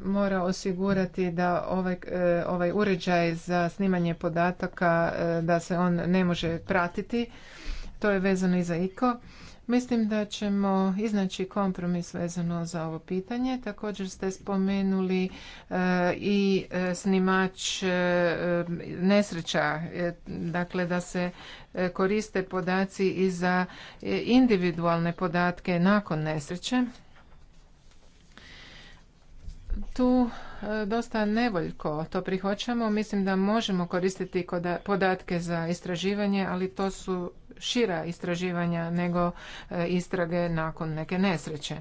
Speaker 3: mora osigurati da ovaj, e, ovaj, uređaj za snimanje podataka e, da se on ne može pratiti. To je vezano i za ICO. Mislim da ćemo iznaći kompromis vezano za ovo pitanje. Također ste spomenuli i snimač nesreća, dakle da se koriste podaci i za individualne podatke nakon nesreće tu e, dosta nevoljko to prihvaćamo. Mislim da možemo koristiti podatke za istraživanje, ali to su šira istraživanja nego e, istrage nakon neke nesreće.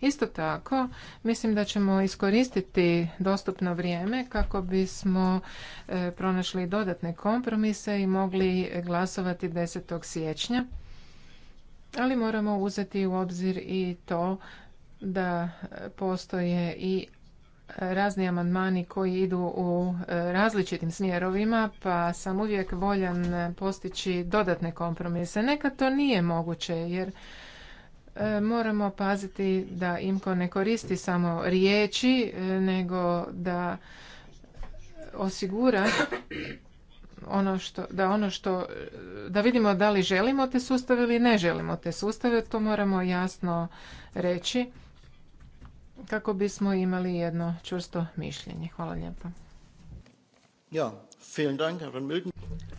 Speaker 3: Isto tako, mislim da ćemo iskoristiti dostupno vrijeme kako bismo e, pronašli dodatne kompromise i mogli glasovati 10. siječnja. Ali moramo uzeti u obzir i to da postoje i razni amandmani koji idu u e, različitim smjerovima, pa sam uvijek voljan postići dodatne kompromise. Nekad to nije moguće, jer e, moramo paziti da imko ne koristi samo riječi, e, nego da osigura ono što, da ono što, da vidimo da li želimo te sustave ili ne želimo te sustave, to moramo jasno reći kako bismo imali jedno čvrsto mišljenje. Hvala
Speaker 1: lijepa. Dank,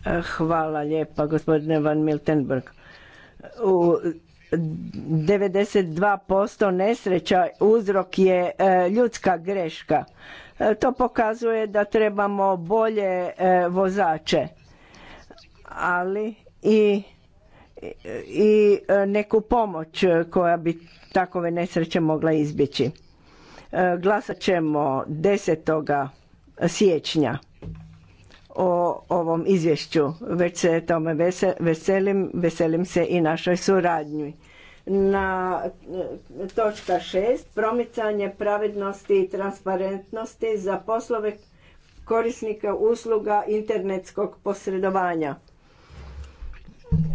Speaker 2: e, Hvala lijepa, gospodine Van Miltenberg. U 92% nesreća uzrok je e, ljudska greška. E, to pokazuje da trebamo bolje vozače, ali i, i neku pomoć koja bi takove nesreće mogla izbjeći. E, glasat ćemo 10. siječnja o ovom izvješću. Već se tome veselim, veselim se i našoj suradnji. Na e, točka šest, promicanje pravednosti i transparentnosti za poslove korisnika usluga internetskog posredovanja.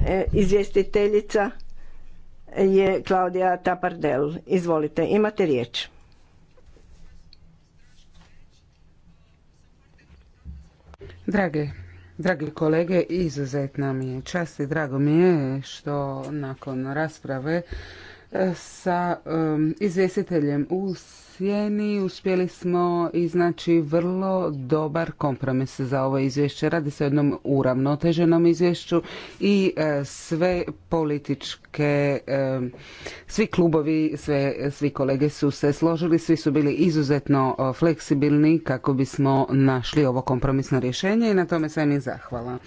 Speaker 2: E, izvjestiteljica je Klaudija Tapardel. Izvolite, imate riječ.
Speaker 4: Drage, dragi kolege, izuzetna mi je čast i drago mi je što nakon rasprave e, sa izvjestiteljem u sjeni uspjeli smo iznaći vrlo dobar kompromis za ovo izvješće. Radi se o jednom uravnoteženom izvješću i e, sve političke, e, svi klubovi, sve, svi kolege su se složili, svi su bili izuzetno fleksibilni kako bismo našli ovo kompromisno rješenje i na tome sam i zahvala.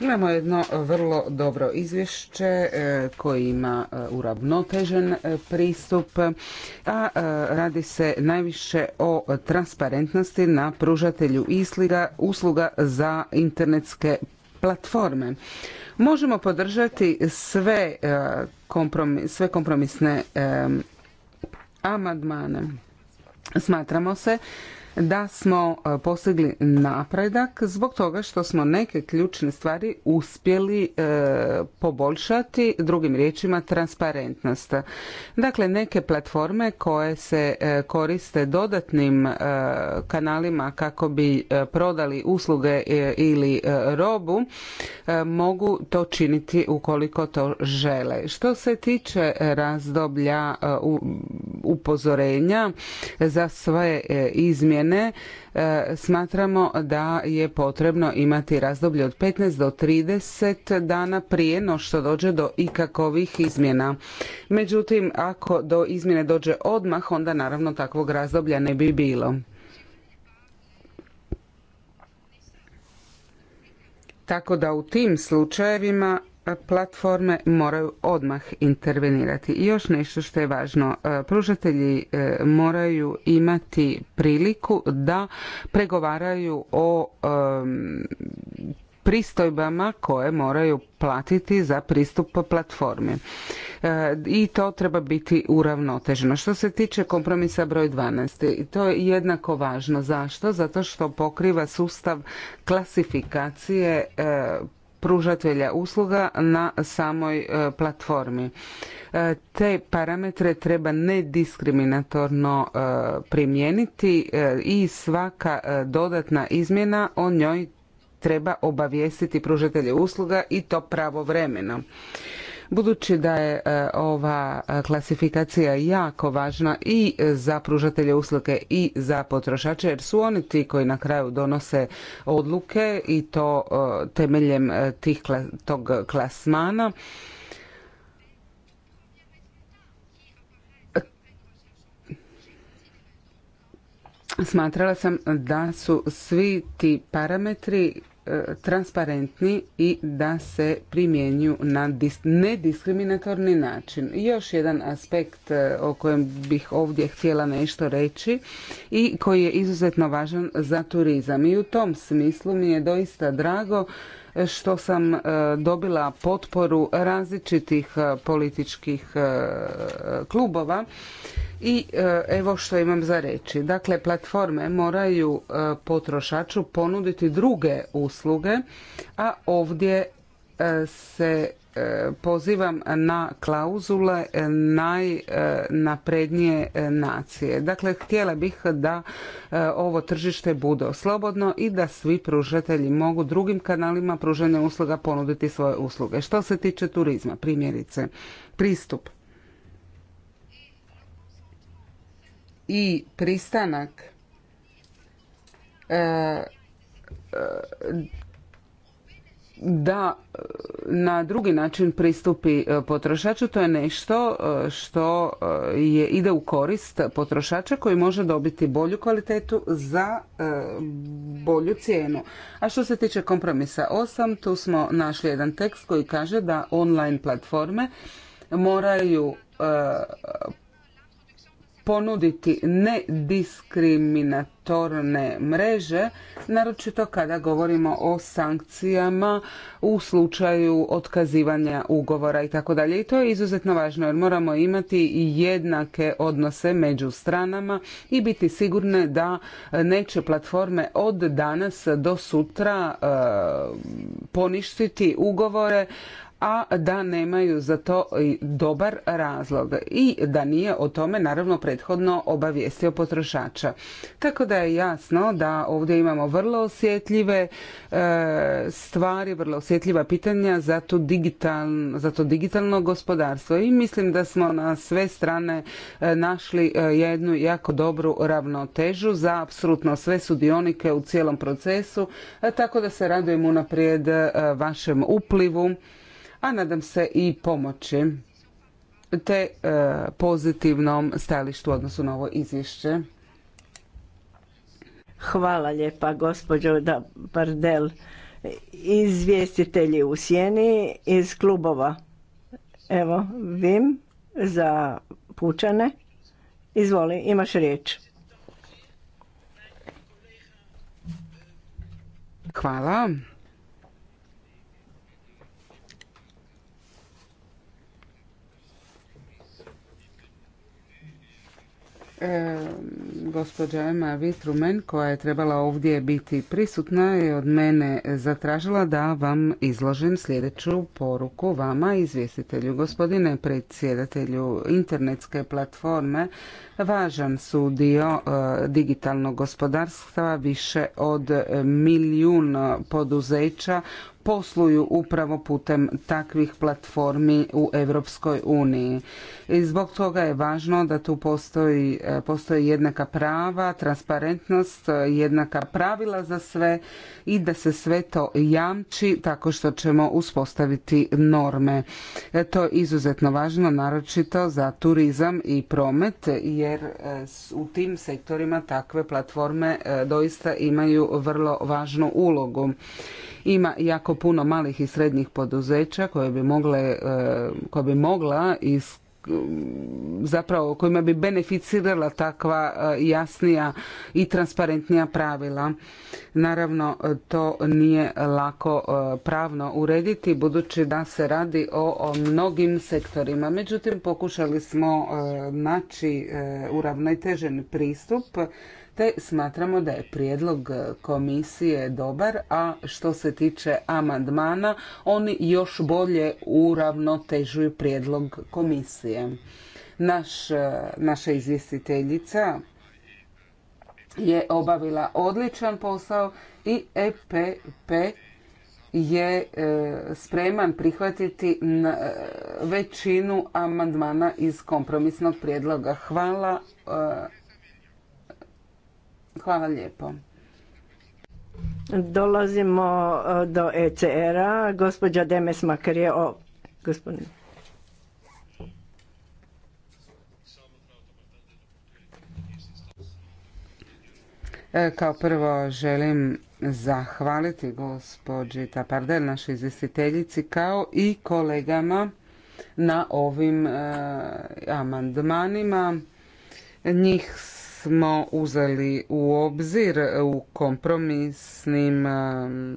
Speaker 4: Imamo jedno e, vrlo dobro izvješće e, koji ima e, uravnotežen pristup, a radi se najviše o transparentnosti na pružatelju usluga za internetske platforme. Možemo podržati sve, sve kompromisne amandmane. Smatramo se da smo e, postigli napredak zbog toga što smo neke ključne stvari uspjeli e, poboljšati, drugim riječima transparentnost. Dakle, neke platforme koje se e, koriste dodatnim kanalima kako bi prodali usluge ili robu mogu to činiti ukoliko to žele. Što se tiče razdoblja upozorenja za sve izmjene ne. E, smatramo da je potrebno imati razdoblje od 15 do 30 dana prije no što dođe do ikakovih izmjena. Međutim, ako do izmjene dođe odmah, onda naravno takvog razdoblja ne bi bilo. Tako da u tim slučajevima platforme moraju odmah intervenirati. I još nešto što je važno, e, pružatelji e, moraju imati priliku da pregovaraju o pristojbama koje moraju platiti za pristup platformi. E, I to treba biti uravnoteženo. Što se tiče kompromisa broj 12, to je jednako važno. Zašto? Zato što pokriva sustav klasifikacije pružatelja usluga na samoj e, platformi. E, te parametre treba nediskriminatorno e, primijeniti i svaka dodatna izmjena o njoj treba obavijestiti pružatelje usluga i to pravovremeno. Budući da je e, ova e, klasifikacija jako važna i za pružatelje usluge i za potrošače jer su oni ti koji na kraju donose odluke i to e, temeljem tih, tog klasmana. Smatrala sam da su svi ti parametri E, transparentni i da se primjenju na nediskriminatorni način. Još jedan aspekt e, o kojem bih ovdje htjela nešto reći i koji je izuzetno važan za turizam. I u tom smislu mi je doista drago što sam e, dobila potporu različitih političkih klubova i e, evo što imam za reći. Dakle, platforme moraju e, potrošaču ponuditi druge usluge, a ovdje e, se pozivam na klauzule najnaprednije nacije. Dakle, htjela bih da ovo tržište bude slobodno i da svi pružatelji mogu drugim kanalima pružanja usluga ponuditi svoje usluge. Što se tiče turizma, primjerice, pristup i pristanak e, e, da na drugi način pristupi e, potrošaču, to je nešto što je, ide u korist potrošača koji može dobiti bolju kvalitetu za bolju cijenu. A što se tiče kompromisa 8, tu smo našli jedan tekst koji kaže da online platforme moraju ponuditi nediskriminatorne mreže, naročito kada govorimo o sankcijama u slučaju otkazivanja ugovora i tako I to je izuzetno važno jer moramo imati jednake odnose među stranama i biti sigurne da neće platforme od danas do sutra e, poništiti ugovore a da nemaju za to dobar razlog i da nije o tome naravno prethodno obavijestio potrošača. Tako da je jasno da ovdje imamo vrlo osjetljive e, stvari, vrlo osjetljiva pitanja za to, za to digitalno gospodarstvo i mislim da smo na sve strane e, našli e, jednu jako dobru ravnotežu za apsolutno sve sudionike u cijelom procesu, tako da se radujem unaprijed vašem uplivu a nadam se i pomoći te e, pozitivnom
Speaker 2: stajalištu odnosu na ovo izvješće. Hvala lijepa gospođo Bardel. Izvjestitelji u sjeni iz klubova. Evo, Vim za pučane. Izvoli, imaš riječ. Hvala.
Speaker 4: E, gospođa Ema Vitrumen, koja je trebala ovdje biti prisutna, je od mene zatražila da vam izložim sljedeću poruku vama, izvjestitelju. Gospodine predsjedatelju internetske platforme, važan su dio e, digitalnog gospodarstva, više od milijun poduzeća posluju upravo putem takvih platformi u Europskoj uniji. I zbog toga je važno da tu postoji, e, postoji jednaka prava, transparentnost, e, jednaka pravila za sve i da se sve to jamči tako što ćemo uspostaviti norme. E, to je izuzetno važno, naročito za turizam i promet, jer u tim sektorima takve platforme doista imaju vrlo važnu ulogu. Ima jako jako puno malih i srednjih poduzeća koje bi mogle, e, koja bi mogla zapravo kojima bi beneficirala takva e, jasnija i transparentnija pravila. Naravno, to nije lako e, pravno urediti budući da se radi o, o mnogim sektorima. Međutim, pokušali smo naći uravnotežen pristup te smatramo da je prijedlog e, komisije dobar, a što se tiče amandmana, oni još bolje uravnotežuju prijedlog komisije. Naš, e, naša izvjestiteljica je obavila odličan posao i EPP je e, spreman prihvatiti većinu amandmana iz kompromisnog prijedloga.
Speaker 2: Hvala Hvala lijepo. Dolazimo e, do ECR-a. Gospođa Demes Makarije. je o... Gospodin. E, kao prvo
Speaker 4: želim zahvaliti gospođi Tapardel, našoj izvjestiteljici, kao i kolegama na ovim e, amandmanima. Njih smo uzeli u obzir u kompromisnim um,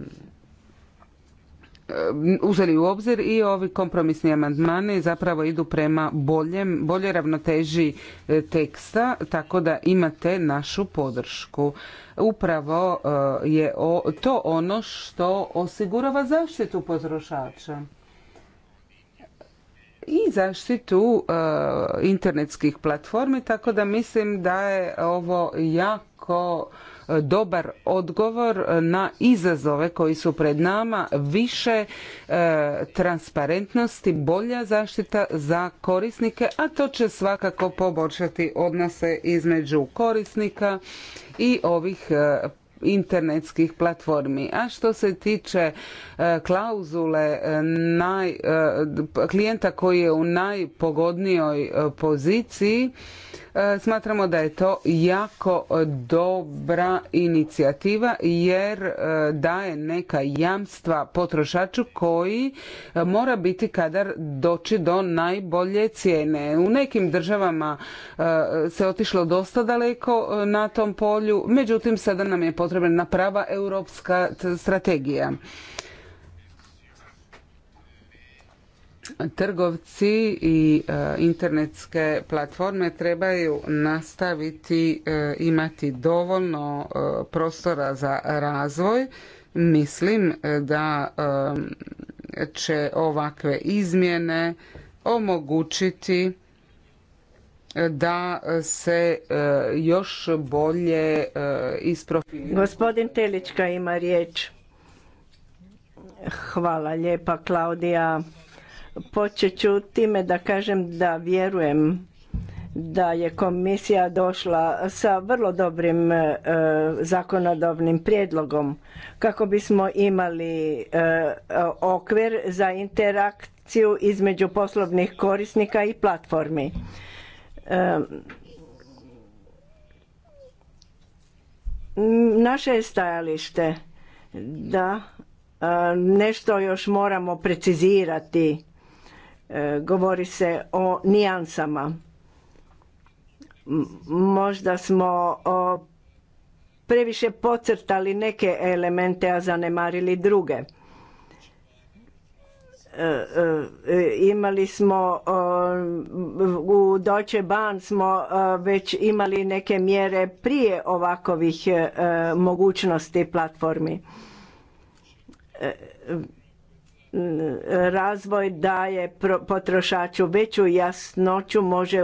Speaker 4: um, uzeli u obzir i ovi kompromisni amandmani zapravo idu prema boljem, bolje ravnoteži e, teksta, tako da imate našu podršku. Upravo e, je to ono što osigurava zaštitu potrošača i zaštitu e, internetskih platformi, tako da mislim da je ovo jako e, dobar odgovor na izazove koji su pred nama, više e, transparentnosti, bolja zaštita za korisnike, a to će svakako poboljšati odnose između korisnika i ovih internetskih platformi. A što se tiče e, klauzule e, naj, e, klijenta koji je u najpogodnijoj poziciji, E, smatramo da je to jako dobra inicijativa jer e, daje neka jamstva potrošaču koji e, mora biti kadar doći do najbolje cijene. U nekim državama se otišlo dosta daleko na tom polju, međutim sada nam je potrebna prava europska strategija. trgovci i e, internetske platforme trebaju nastaviti e, imati dovoljno e, prostora za razvoj. Mislim da će ovakve izmjene omogućiti
Speaker 2: da se još bolje isprofilira. Gospodin Telička ima riječ. Hvala lijepa Klaudija Počet ću time da kažem da vjerujem da je komisija došla sa vrlo dobrim e, zakonodavnim prijedlogom kako bismo imali e, okvir za interakciju između poslovnih korisnika i platformi. E, naše je stajalište da nešto još moramo precizirati E, govori se o nijansama. Možda smo previše pocrtali neke elemente, a zanemarili druge. E, e, imali smo u Deutsche Bahn smo već imali neke mjere prije ovakovih mogućnosti platformi razvoj daje potrošaču veću jasnoću, može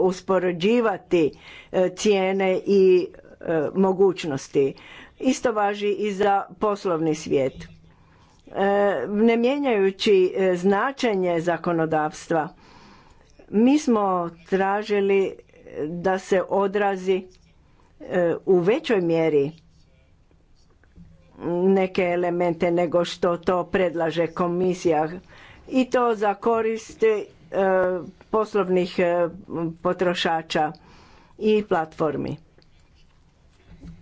Speaker 2: uspoređivati e, cijene i e, mogućnosti. Isto važi i za poslovni svijet. E, ne mijenjajući značenje zakonodavstva, mi smo tražili da se odrazi u većoj mjeri neke elemente nego što to predlaže komisija i to za korist e, poslovnih e, potrošača i platformi.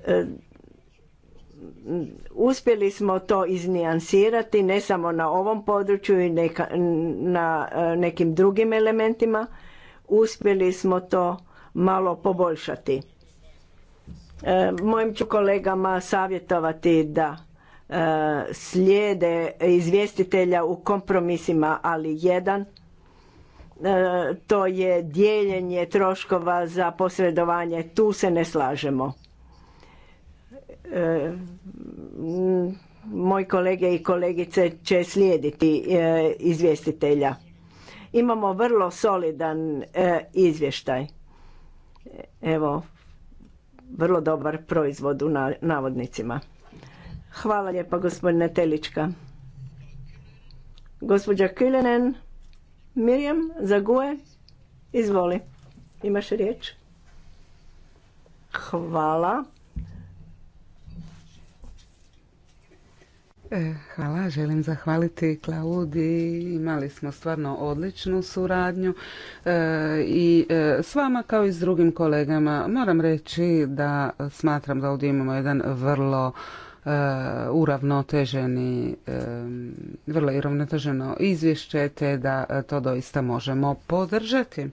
Speaker 2: E, uspjeli smo to iznijansirati ne samo na ovom području i na nekim drugim elementima. Uspjeli smo to malo poboljšati. E, mojim ću kolegama savjetovati da e, slijede izvjestitelja u kompromisima, ali jedan e, to je dijeljenje troškova za posredovanje. Tu se ne slažemo. Moji kolege i kolegice će slijediti izvjestitelja. Imamo vrlo solidan izvještaj. Evo, vrlo dobar proizvod u navodnicima. Hvala lijepa gospodine Telička. Gospođa Kilenen, Mirjam Zaguje, izvoli. Imaš riječ? Hvala.
Speaker 4: E, hvala, želim zahvaliti Klaudi. Imali smo stvarno odličnu suradnju e, i e, s vama kao i s drugim kolegama moram reći da smatram da ovdje imamo jedan vrlo uravnoteženi, vrlo uravnoteženo izvješće te da to doista možemo podržati.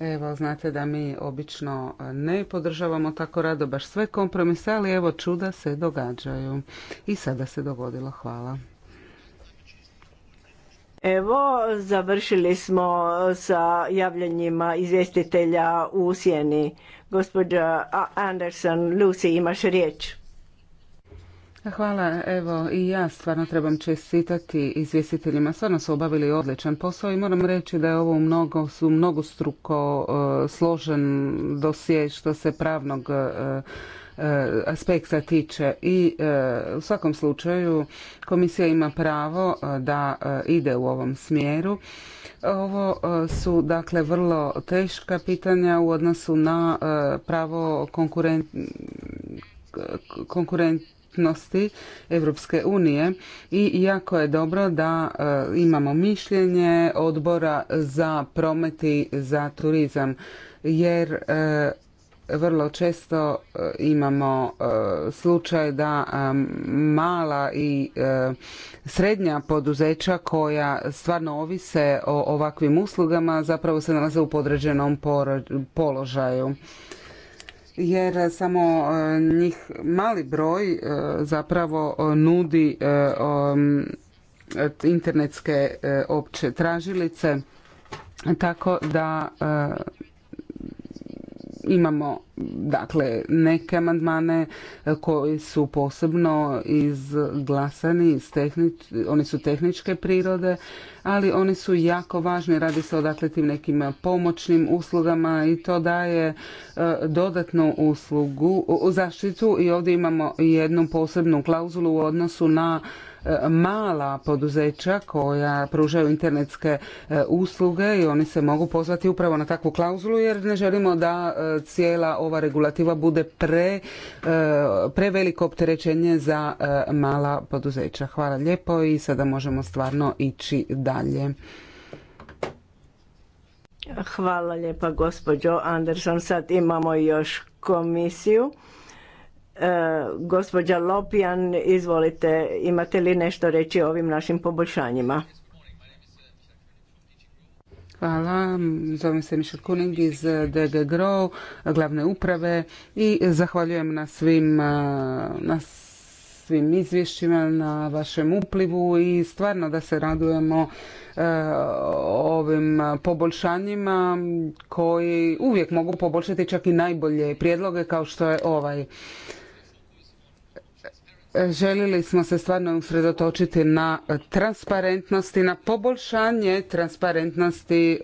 Speaker 4: Evo, znate da mi obično e, ne podržavamo tako rado baš sve kompromise, ali evo čuda se događaju. I sada se dogodilo, hvala.
Speaker 2: Evo, završili smo sa javljanjima izvjestitelja u Sjeni. Gospođa Anderson, Lucy, imaš riječ.
Speaker 4: Hvala, evo i ja stvarno trebam čestitati izvjestiteljima. Stvarno su obavili odličan posao i moram reći da je ovo mnogo, su mnogostruko struko e, složen dosje što se pravnog e, e, aspekta tiče i u svakom slučaju komisija ima pravo da ide u ovom smjeru. Ovo su dakle vrlo teška pitanja u odnosu na pravo konkurent, ukupnosti Europske unije i jako je dobro da e, imamo mišljenje odbora za promet i za turizam jer e, vrlo često e, imamo slučaj da mala i srednja poduzeća koja stvarno ovise o ovakvim uslugama zapravo se nalaze u podređenom položaju jer samo e, njih mali broj e, zapravo nudi e, internetske opće tražilice tako da Imamo dakle neke amandmane e, koji su posebno izglasani, oni su tehničke prirode, ali oni su jako važni. Radi se o dakle tim nekim pomoćnim uslugama i to daje e, dodatnu uslugu, zaštitu i ovdje imamo jednu posebnu klauzulu u odnosu na mala poduzeća koja pružaju internetske e, usluge i oni se mogu pozvati upravo na takvu klauzulu jer ne želimo da e, cijela ova regulativa bude pre, e, preveliko opterećenje za mala poduzeća. Hvala lijepo i sada možemo stvarno ići dalje.
Speaker 2: Hvala lijepa gospođo Anderson. Sad imamo još komisiju. E, gospođa Lopijan, izvolite, imate li nešto reći o ovim našim poboljšanjima?
Speaker 4: Hvala, zovem se Mišel Kuning iz DG Grow, glavne uprave i zahvaljujem na svim, e, na svim izvješćima, na vašem uplivu i stvarno da se radujemo e, ovim poboljšanjima koji uvijek mogu poboljšati čak i najbolje prijedloge kao što je ovaj željeli smo se stvarno usredotočiti na transparentnost i na poboljšanje transparentnosti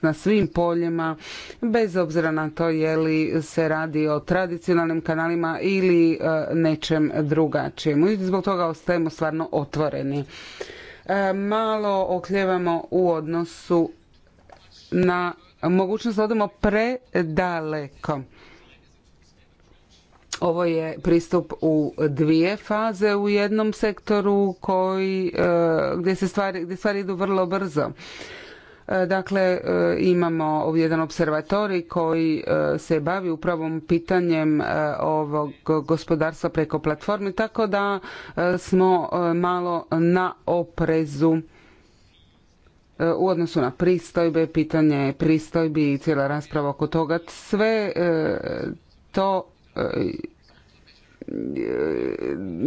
Speaker 4: na svim poljima bez obzira na to je li se radi o tradicionalnim kanalima ili e, nečem drugačijem i zbog toga ostajemo stvarno otvoreni e, malo okljevamo u odnosu na mogućnost da odemo predaleko ovo je pristup u dvije faze u jednom sektoru koji, e, gdje, se stvari, gdje stvari idu vrlo brzo. E, dakle, e, imamo jedan observatorij koji se bavi upravom pitanjem ovog gospodarstva preko platformi, tako da smo malo na oprezu u odnosu na pristojbe, pitanje pristojbi i cijela rasprava oko toga. Sve to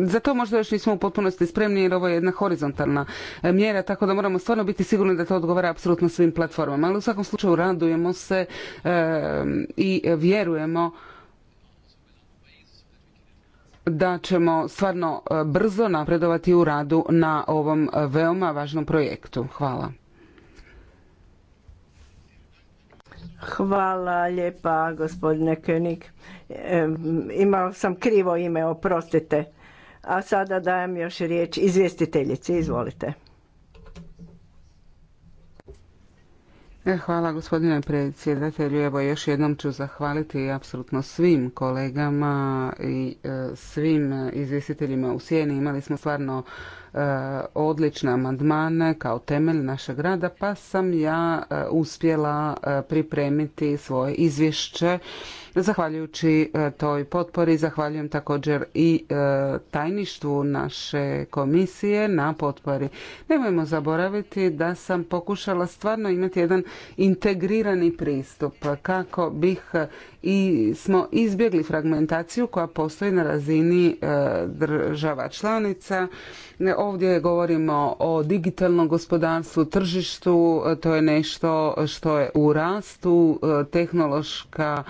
Speaker 4: za to možda još nismo u potpunosti spremni jer ovo je jedna horizontalna e, mjera tako da moramo stvarno biti sigurni da to odgovara apsolutno svim platformama ali u svakom slučaju radujemo se e, i vjerujemo da ćemo stvarno e, brzo napredovati u radu na ovom veoma važnom projektu hvala
Speaker 2: Hvala lijepa gospodine König. imao sam krivo ime, oprostite. A sada dajem još riječ izvjestiteljici, izvolite.
Speaker 4: E, hvala gospodine predsjedatelju. Evo još jednom ću zahvaliti apsolutno svim kolegama i e, svim izvjestiteljima u Sjeni. Imali smo stvarno E, odlične amandmane kao temelj našeg rada, pa sam ja e, uspjela e, pripremiti svoje izvješće Zahvaljujući e, toj potpori zahvaljujem također i e, tajništvu naše komisije na potpori. Nemojmo zaboraviti da sam pokušala stvarno imati jedan integrirani pristup kako bih e, i smo izbjegli fragmentaciju koja postoji na razini država članica. Ovdje govorimo o digitalnom gospodarstvu, tržištu, to je nešto što je u rastu, tehnološka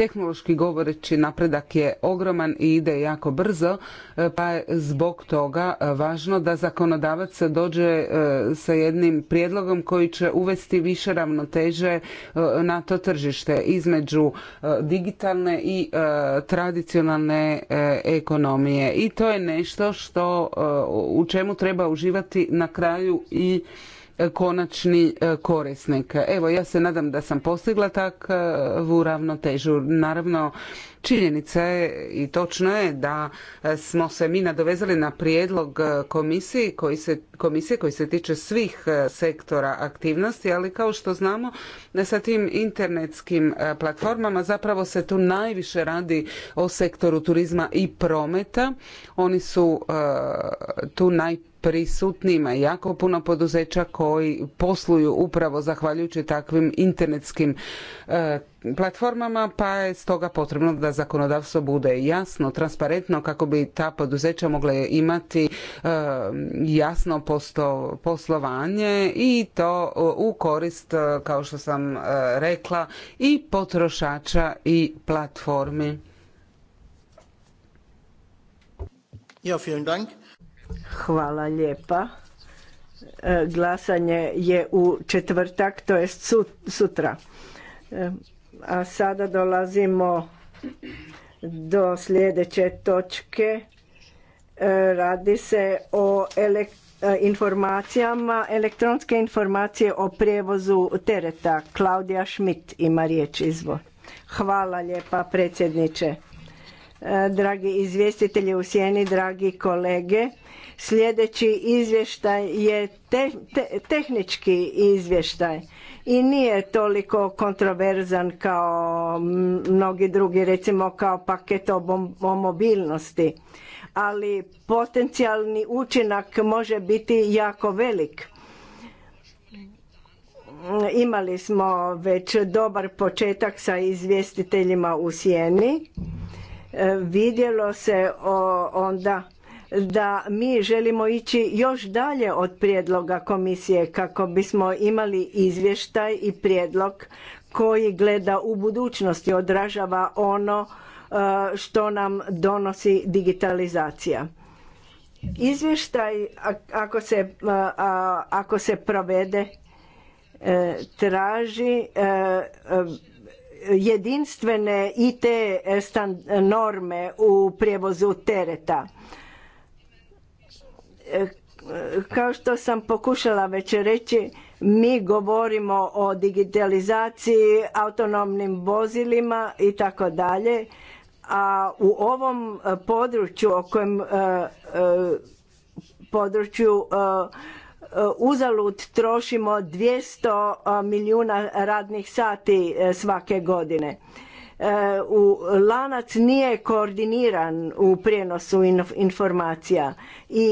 Speaker 4: tehnološki govoreći napredak je ogroman i ide jako brzo, e, pa je zbog toga e, važno da zakonodavac dođe e, sa jednim prijedlogom koji će uvesti više ravnoteže na to tržište između digitalne i tradicionalne ekonomije. I to je nešto što u čemu treba uživati na kraju i konačni e, korisnik. Evo, ja se nadam da sam postigla takvu e, ravnotežu. Naravno, činjenica je i točno je da e, smo se mi nadovezali na prijedlog komisije koji se, komisije koji se tiče svih sektora aktivnosti, ali kao što znamo sa tim internetskim platformama zapravo se tu najviše radi o sektoru turizma i prometa. Oni su tu naj prisutnima jako puno poduzeća koji posluju upravo zahvaljujući takvim internetskim e, platformama pa je stoga potrebno da zakonodavstvo bude jasno, transparentno kako bi ta poduzeća mogla imati e, jasno poslovanje i to u korist e, kao što sam rekla i potrošača i
Speaker 2: platformi. Ja, Hvala lijepa. E, glasanje je u četvrtak, to je sutra. E, a sada dolazimo do sljedeće točke. E, radi se o informacijama, elektronske informacije o prijevozu tereta. Klaudija Schmidt ima riječ izvor. Hvala lijepa predsjedniče. Dragi izvjestitelji u sjeni, dragi kolege, Sljedeći izvještaj je tehnički izvještaj i nije toliko kontroverzan kao mnogi drugi, recimo kao paket o mobilnosti, ali potencijalni učinak može biti jako velik. Imali smo već dobar početak sa izvjestiteljima u sjeni. E, vidjelo se onda da mi želimo ići još dalje od prijedloga komisije kako bismo imali izvještaj i prijedlog koji gleda u budućnosti odražava ono e, što nam donosi digitalizacija. Izvještaj ako se, e, ako se provede e, traži jedinstvene IT norme u prijevozu tereta kao što sam pokušala već reći, mi govorimo o digitalizaciji, autonomnim vozilima i tako dalje, a u ovom e, području o kojem e, e, području uzalud trošimo 200 milijuna radnih sati svake godine u lanac nije koordiniran u prijenosu informacija i, e,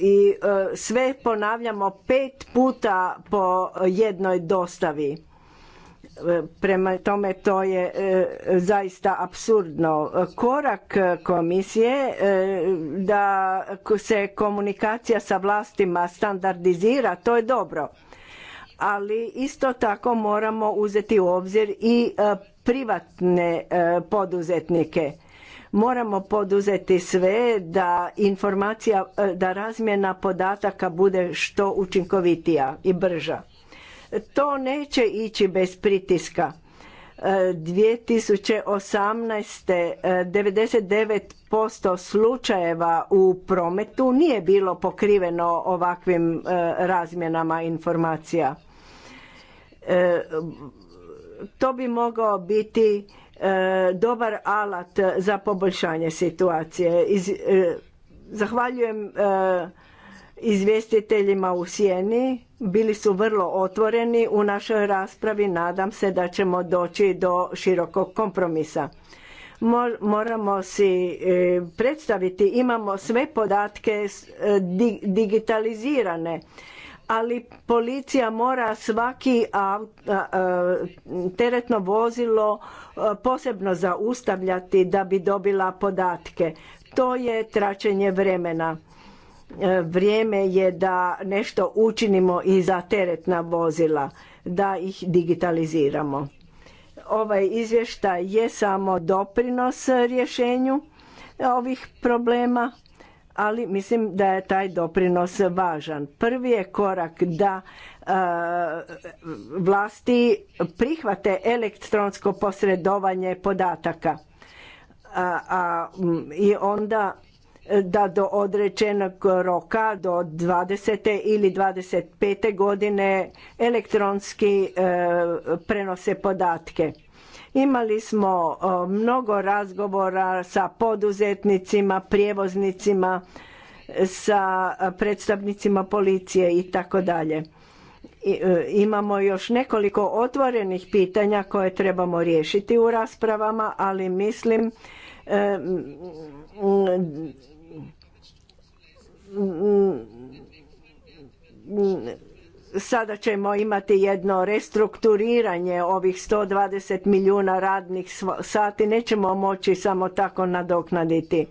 Speaker 2: i e, sve ponavljamo pet puta po jednoj dostavi e, prema tome to je zaista apsurdno korak komisije da se komunikacija sa vlastima standardizira to je dobro ali isto tako moramo uzeti u obzir i privatne e, poduzetnike moramo poduzeti sve da informacija e, da razmjena podataka bude što učinkovitija i brža to neće ići bez pritiska 2018. E, 99% slučajeva u prometu nije bilo pokriveno ovakvim razmjenama informacija to bi mogao biti e, dobar alat za poboljšanje situacije. E, zahvaljujem e, izvjestiteljima u sjeni bili su vrlo otvoreni u našoj raspravi nadam se da ćemo doći do širokog kompromisa moramo si predstaviti imamo sve podatke digitalizirane ali policija mora svaki teretno vozilo posebno zaustavljati da bi dobila podatke. To je traćenje vremena. E, vrijeme je da nešto učinimo i za teretna vozila, da ih digitaliziramo. Ovaj izvještaj je samo doprinos rješenju ovih problema ali mislim da je taj doprinos važan. Prvi je korak da e, vlasti prihvate elektronsko posredovanje podataka a, i onda e, da do određenog roka do 20. ili 25. godine elektronski e, prenose podatke. Imali smo mnogo razgovora sa poduzetnicima, prijevoznicima, sa predstavnicima policije i tako dalje. E, imamo još nekoliko otvorenih pitanja koje trebamo riješiti u raspravama, ali mislim e, sada ćemo imati jedno restrukturiranje ovih 120 milijuna radnih sati, nećemo moći samo tako nadoknaditi.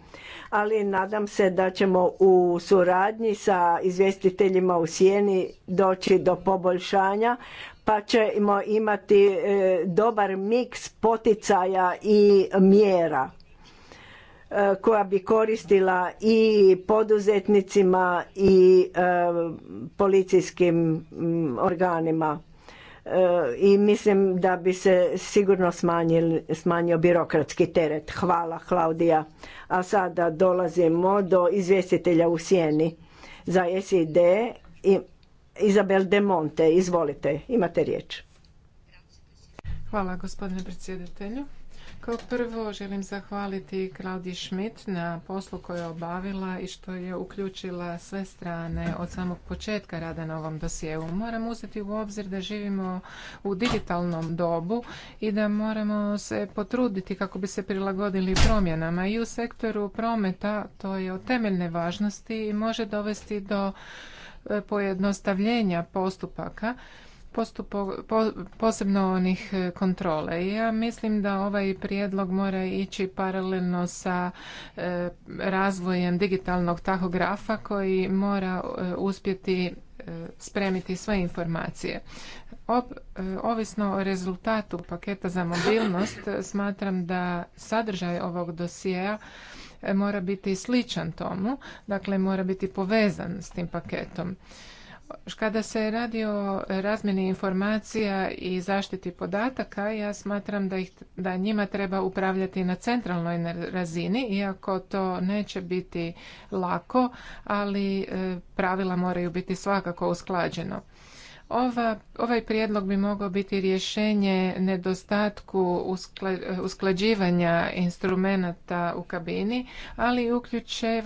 Speaker 2: Ali nadam se da ćemo u suradnji sa izvjestiteljima u Sjeni doći do poboljšanja, pa ćemo imati e, dobar miks poticaja i mjera E, koja bi koristila i poduzetnicima i e, policijskim organima e, i mislim da bi se sigurno smanjio birokratski teret. Hvala Klaudija. A sada dolazimo do izvjestitelja u sjeni za SID. Izabel De Monte, izvolite, imate riječ.
Speaker 3: Hvala gospodine predsjedatelju prvo želim zahvaliti Klaudi Schmidt na poslu koju je obavila i što je uključila sve strane od samog početka rada na ovom dosijevu. Moram uzeti u obzir da živimo u digitalnom dobu i da moramo se potruditi kako bi se prilagodili promjenama i u sektoru prometa to je od temeljne važnosti i može dovesti do e, pojednostavljenja postupaka posebno onih e, kontrole. Ja mislim da ovaj prijedlog mora ići paralelno sa e, razvojem digitalnog tahografa koji mora e, uspjeti spremiti sve informacije. ovisno o rezultatu paketa za mobilnost, smatram da sadržaj ovog dosijeja mora biti sličan tomu, dakle mora biti povezan s tim paketom. Kada se radi o razmjeni informacija i zaštiti podataka, ja smatram da, ih, da njima treba upravljati na centralnoj razini, iako to neće biti lako, ali e, pravila moraju biti svakako usklađeno. Ova, ovaj prijedlog bi mogao biti rješenje nedostatku usklađivanja instrumenata u kabini, ali i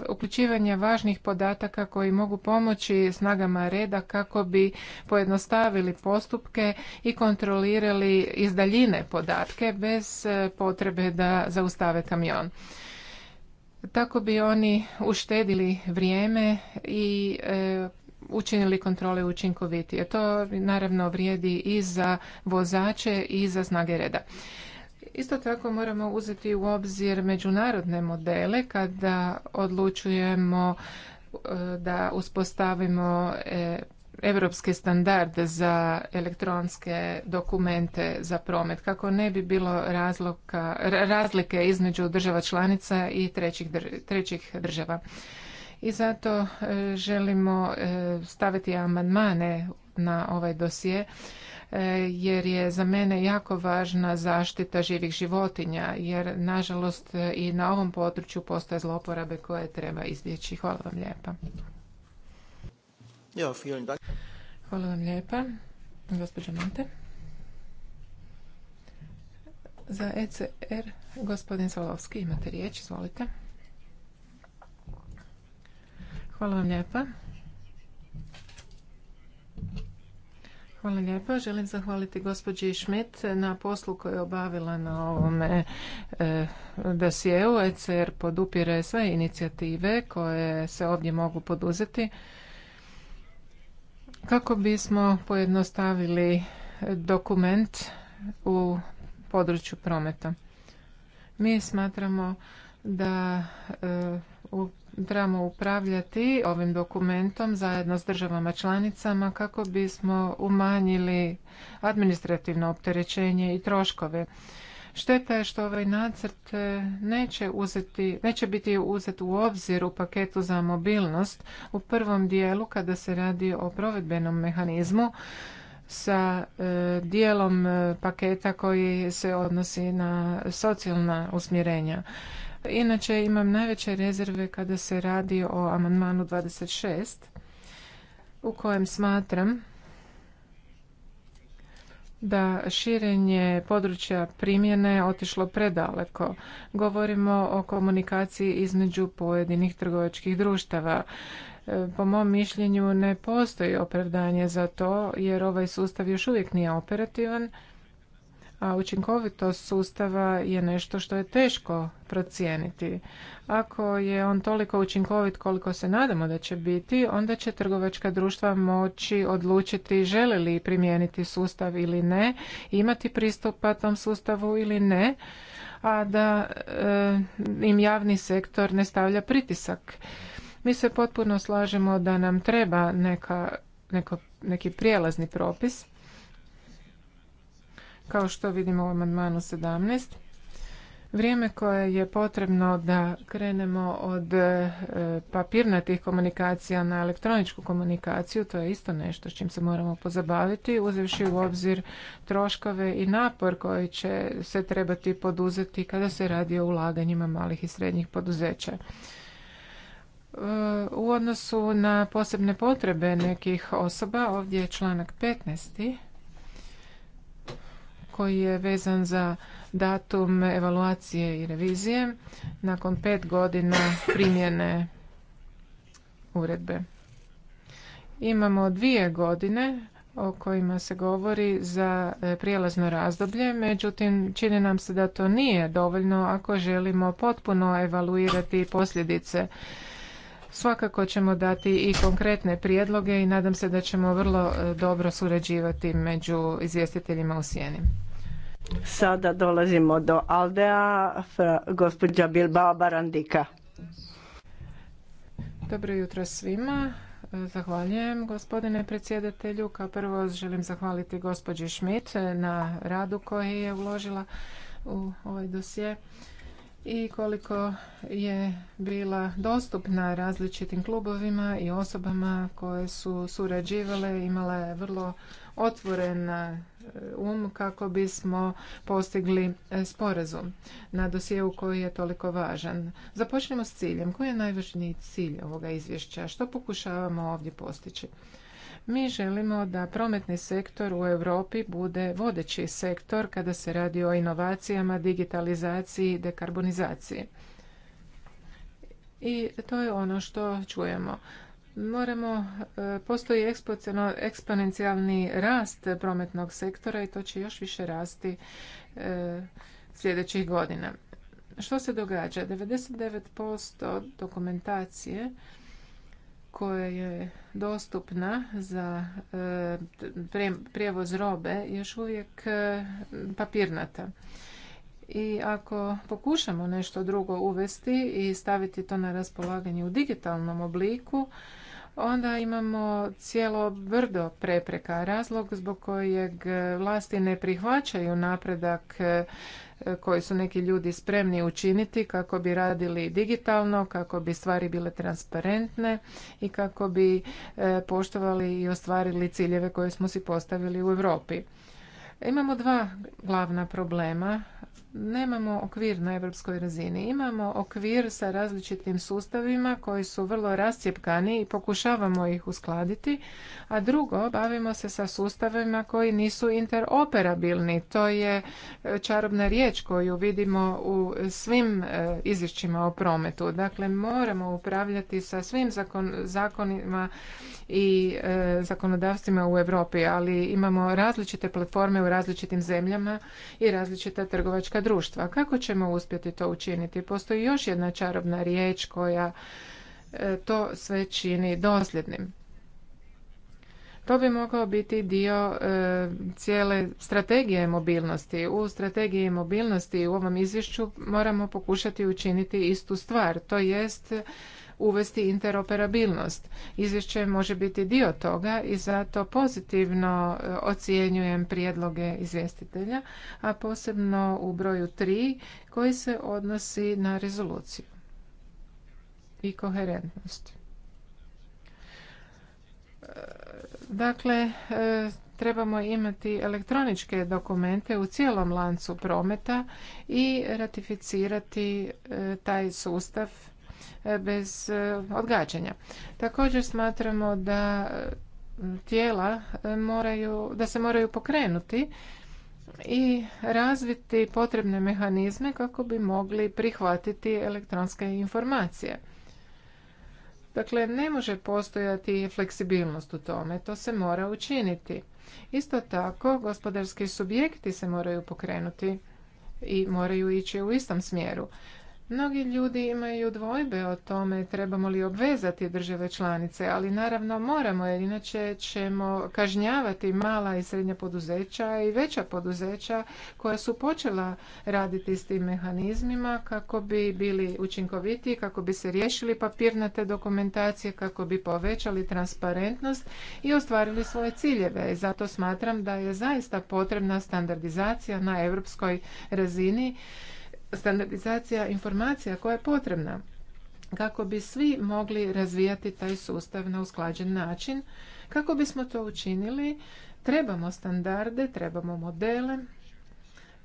Speaker 3: uključivanje važnih podataka koji mogu pomoći snagama reda kako bi pojednostavili postupke i kontrolirali iz daljine podatke bez e, potrebe da zaustave kamion. Tako bi oni uštedili vrijeme i e, učinili kontrole učinkovitije. To naravno vrijedi i za vozače i za snage reda. Isto tako moramo uzeti u obzir međunarodne modele kada odlučujemo e, da uspostavimo europske standarde za elektronske dokumente za promet kako ne bi bilo razloka, razlike između država članica i trećih, trećih država i zato e, želimo e, staviti amandmane na ovaj dosje e, jer je za mene jako važna zaštita živih životinja jer nažalost i na ovom području postoje zloporabe koje treba izbjeći. Hvala vam lijepa. Hvala vam lijepa. Gospođa Monte. Za ECR gospodin Solovski imate riječ, izvolite. Hvala vam lijepa. Hvala lijepa. Želim zahvaliti gospođi Šmit na poslu koju je obavila na ovome e, dosjeu. ECR podupire sve inicijative koje se ovdje mogu poduzeti kako bismo pojednostavili dokument u području prometa. Mi smatramo da e, trebamo upravljati ovim dokumentom zajedno s državama članicama kako bismo umanjili administrativno opterećenje i troškove. Šteta je što ovaj nacrt e, neće, uzeti, neće biti uzet u obzir u paketu za mobilnost u prvom dijelu kada se radi o provedbenom mehanizmu sa e, dijelom e, paketa koji se odnosi na socijalna usmjerenja. Inače imam najveće rezerve kada se radi o amandmanu 26 u kojem smatram da širenje područja primjene otišlo predaleko. Govorimo o komunikaciji između pojedinih trgovačkih društava. E, po mom mišljenju ne postoji opravdanje za to jer ovaj sustav još uvijek nije operativan a učinkovitost sustava je nešto što je teško procijeniti. Ako je on toliko učinkovit koliko se nadamo da će biti, onda će trgovačka društva moći odlučiti žele li primijeniti sustav ili ne, imati pristupa tom sustavu ili ne, a da e, im javni sektor ne stavlja pritisak. Mi se potpuno slažemo da nam treba neka, neko, neki prijelazni propis kao što vidimo u amandmanu 17. Vrijeme koje je potrebno da krenemo od e, papirnatih komunikacija na elektroničku komunikaciju, to je isto nešto s čim se moramo pozabaviti, uzevši u obzir troškove i napor koji će se trebati poduzeti kada se radi o ulaganjima malih i srednjih poduzeća. E, u odnosu na posebne potrebe nekih osoba, ovdje je članak 15 koji je vezan za datum evaluacije i revizije nakon pet godina primjene uredbe. Imamo dvije godine o kojima se govori za e, prijelazno razdoblje, međutim čini nam se da to nije dovoljno ako želimo potpuno evaluirati posljedice Svakako ćemo dati i konkretne prijedloge i nadam se da ćemo vrlo e, dobro surađivati
Speaker 2: među izvjestiteljima u sjeni. Sada dolazimo do Aldea, gospođa Bilbao Barandika.
Speaker 3: Dobro jutro svima. E, zahvaljujem gospodine predsjedatelju. Kao prvo želim zahvaliti gospođi Schmidt e, na radu koji je uložila u ovaj dosje i koliko je bila dostupna različitim klubovima i osobama koje su surađivale, imala je vrlo otvoren e, um kako bismo postigli e, sporazum na dosjeu koji je toliko važan. Započnemo s ciljem. Koji je najvažniji cilj ovoga izvješća? Što pokušavamo ovdje postići? Mi želimo da prometni sektor u Europi bude vodeći sektor kada se radi o inovacijama, digitalizaciji i dekarbonizaciji. I to je ono što čujemo. Moramo, e, postoji eksponencijalni rast prometnog sektora i to će još više rasti e, sljedećih godina. Što se događa? 99% dokumentacije koja je dostupna za e, prijevoz robe još uvijek e, papirnata. I ako pokušamo nešto drugo uvesti i staviti to na raspolaganje u digitalnom obliku, onda imamo cijelo brdo prepreka. Razlog zbog kojeg vlasti ne prihvaćaju napredak e, koji su neki ljudi spremni učiniti kako bi radili digitalno, kako bi stvari bile transparentne i kako bi e, poštovali i ostvarili ciljeve koje smo si postavili u Europi. Imamo dva glavna problema nemamo okvir na europskoj razini. Imamo okvir sa različitim sustavima koji su vrlo rascjepkani i pokušavamo ih uskladiti, a drugo, bavimo se sa sustavima koji nisu interoperabilni. To je e, čarobna riječ koju vidimo u svim e, izvješćima o prometu. Dakle, moramo upravljati sa svim zakonima i e, zakonodavstvima u Europi, ali imamo različite platforme u različitim zemljama i različita trgovačka društva. Kako ćemo uspjeti to učiniti? Postoji još jedna čarobna riječ koja e, to sve čini dosljednim. To bi mogao biti dio e, cijele strategije mobilnosti. U strategiji mobilnosti u ovom izvješću moramo pokušati učiniti istu stvar. To jest uvesti interoperabilnost. Izvješće može biti dio toga i zato pozitivno e, ocjenjujem prijedloge izvjestitelja, a posebno u broju 3 koji se odnosi na rezoluciju i koherentnost. E, dakle, e, trebamo imati elektroničke dokumente u cijelom lancu prometa i ratificirati taj sustav E, bez e, odgađanja. Također smatramo da e, tijela moraju, da se moraju pokrenuti i razviti potrebne mehanizme kako bi mogli prihvatiti elektronske informacije. Dakle, ne može postojati fleksibilnost u tome, to se mora učiniti. Isto tako, gospodarski subjekti se moraju pokrenuti i moraju ići u istom smjeru. Mnogi ljudi imaju dvojbe o tome trebamo li obvezati države članice, ali naravno moramo jer inače ćemo kažnjavati mala i srednja poduzeća i veća poduzeća koja su počela raditi s tim mehanizmima kako bi bili učinkoviti, kako bi se riješili papirnate dokumentacije, kako bi povećali transparentnost i ostvarili svoje ciljeve. zato smatram da je zaista potrebna standardizacija na europskoj razini standardizacija informacija koja je potrebna kako bi svi mogli razvijati taj sustav na usklađen način. Kako bismo to učinili, trebamo standarde, trebamo modele,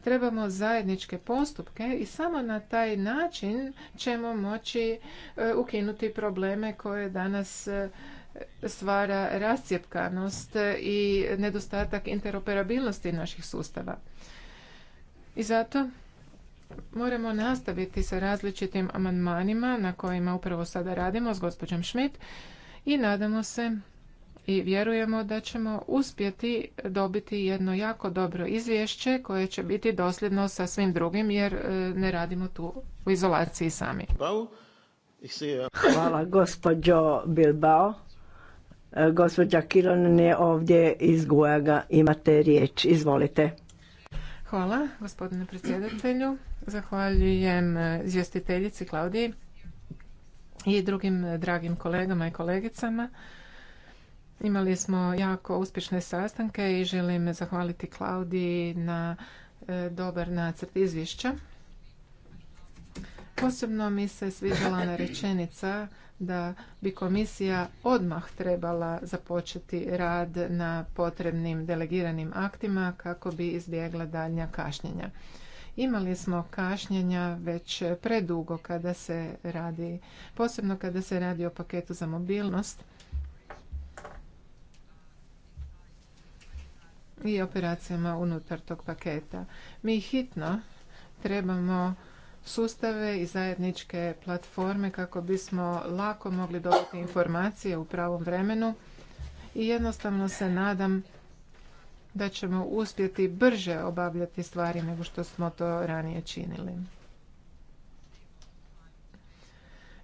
Speaker 3: trebamo zajedničke postupke i samo na taj način ćemo moći e, ukinuti probleme koje danas e, stvara rascijepkanost i nedostatak interoperabilnosti naših sustava. I zato Moramo nastaviti sa različitim amandmanima na kojima upravo sada radimo s gospođom Schmidt i nadamo se i vjerujemo da ćemo uspjeti dobiti jedno jako dobro izvješće koje će biti dosljedno sa svim drugim jer e, ne radimo tu
Speaker 2: u izolaciji sami. Hvala gospođo Bilbao. E, gospođa Kiron je ovdje iz Gujaga. Imate riječ. Izvolite.
Speaker 3: Hvala gospodine predsjedatelju. Zahvaljujem eh, izvjestiteljici Klaudiji i drugim eh, dragim kolegama i kolegicama. Imali smo jako uspješne sastanke i želim zahvaliti Klaudiji na eh, dobar nacrt izvješća. Posebno mi se sviđala na rečenica da bi komisija odmah trebala započeti rad na potrebnim delegiranim aktima kako bi izbjegla daljnja kašnjenja. Imali smo kašnjenja već predugo kada se radi, posebno kada se radi o paketu za mobilnost i operacijama unutar tog paketa. Mi hitno trebamo sustave i zajedničke platforme kako bismo lako mogli dobiti informacije u pravom vremenu i jednostavno se nadam da ćemo uspjeti brže obavljati stvari nego što smo to ranije činili.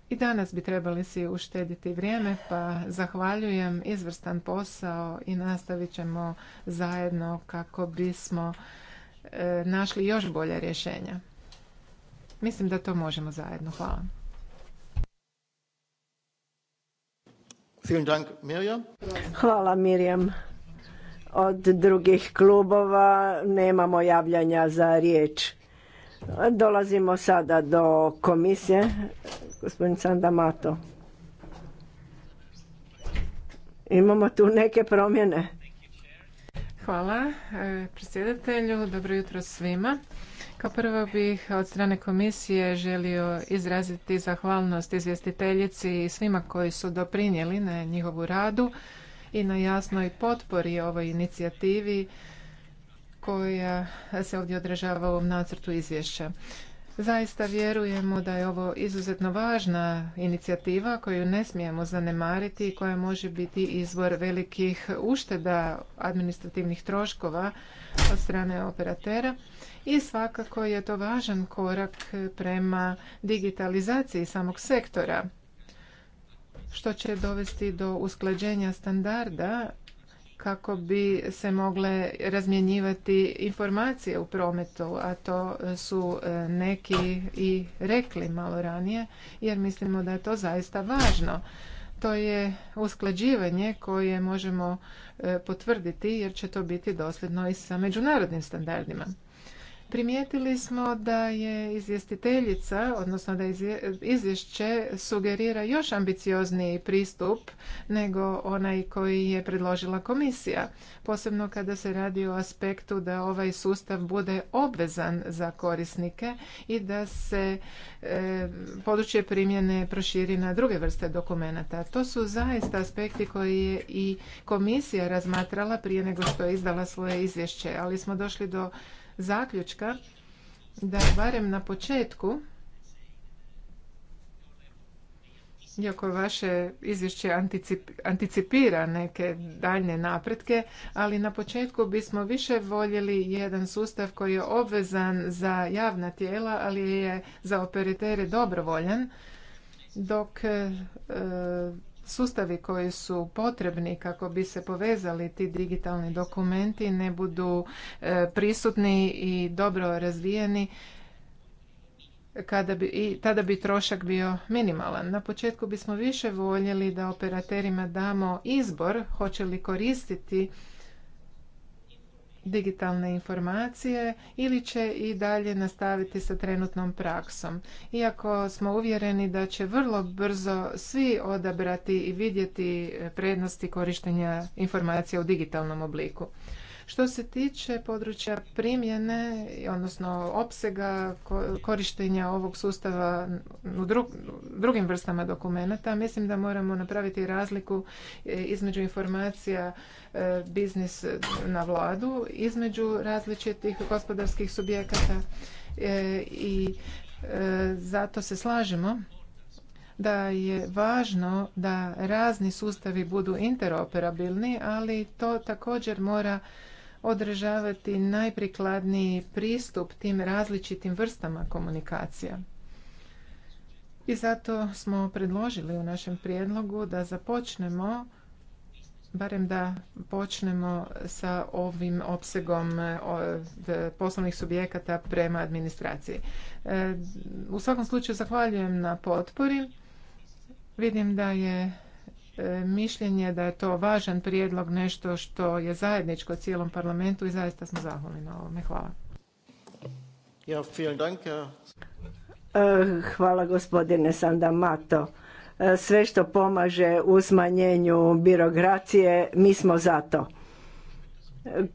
Speaker 3: I danas bi trebali si uštediti vrijeme, pa zahvaljujem izvrstan posao i nastavit ćemo zajedno kako bismo e, našli još bolje rješenja. Mislim
Speaker 2: da to možemo zajedno. Hvala. Hvala Mirjam od drugih klubova nemamo javljanja za riječ. Dolazimo sada do komisije. Gospodin Sandamato. Imamo tu neke promjene. Hvala
Speaker 3: e, predsjedatelju. Dobro jutro svima. Kao prvo bih od strane komisije želio izraziti zahvalnost izvjestiteljici i svima koji su doprinijeli na njihovu radu i na jasnoj potpori ovoj inicijativi koja se ovdje odražava u ovom nacrtu izvješća. Zaista vjerujemo da je ovo izuzetno važna inicijativa koju ne smijemo zanemariti i koja može biti izvor velikih ušteda administrativnih troškova od strane operatera i svakako je to važan korak prema digitalizaciji samog sektora što će dovesti do usklađenja standarda kako bi se mogle razmjenjivati informacije u prometu, a to su e, neki i rekli malo ranije, jer mislimo da je to zaista važno. To je usklađivanje koje možemo e, potvrditi jer će to biti dosljedno i sa međunarodnim standardima. Primijetili smo da je izvjestiteljica, odnosno da izvješće sugerira još ambiciozniji pristup nego onaj koji je predložila komisija, posebno kada se radi o aspektu da ovaj sustav bude obvezan za korisnike i da se e, područje primjene proširi na druge vrste dokumenata. To su zaista aspekti koji je i komisija razmatrala prije nego što je izdala svoje izvješće, ali smo došli do zaključka da barem na početku iako vaše izvješće anticipira neke daljne napretke, ali na početku bismo više voljeli jedan sustav koji je obvezan za javna tijela, ali je za operatere dobrovoljan, dok e, sustavi koji su potrebni kako bi se povezali ti digitalni dokumenti ne budu e, prisutni i dobro razvijeni kada bi, i tada bi trošak bio minimalan. Na početku bismo više voljeli da operaterima damo izbor hoće li koristiti digitalne informacije ili će i dalje nastaviti sa trenutnom praksom. Iako smo uvjereni da će vrlo brzo svi odabrati i vidjeti prednosti korištenja informacija u digitalnom obliku. Što se tiče područja primjene, odnosno opsega korištenja ovog sustava u drugim vrstama dokumenata, mislim da moramo napraviti razliku e, između informacija e, biznis na vladu, između različitih gospodarskih subjekata e, i zato se slažemo da je važno da razni sustavi budu interoperabilni, ali to također mora održavati najprikladniji pristup tim različitim vrstama komunikacija. I zato smo predložili u našem prijedlogu da započnemo barem da počnemo sa ovim opsegom e, poslovnih subjekata prema administraciji. E, u svakom slučaju zahvaljujem na potpori. Vidim da je E, mišljenje da je to važan prijedlog, nešto što je zajedničko cijelom parlamentu i zaista
Speaker 2: smo zahvalni na ovome. Hvala. E, hvala gospodine Sandamato. E, sve što pomaže u smanjenju birokracije, mi smo za to.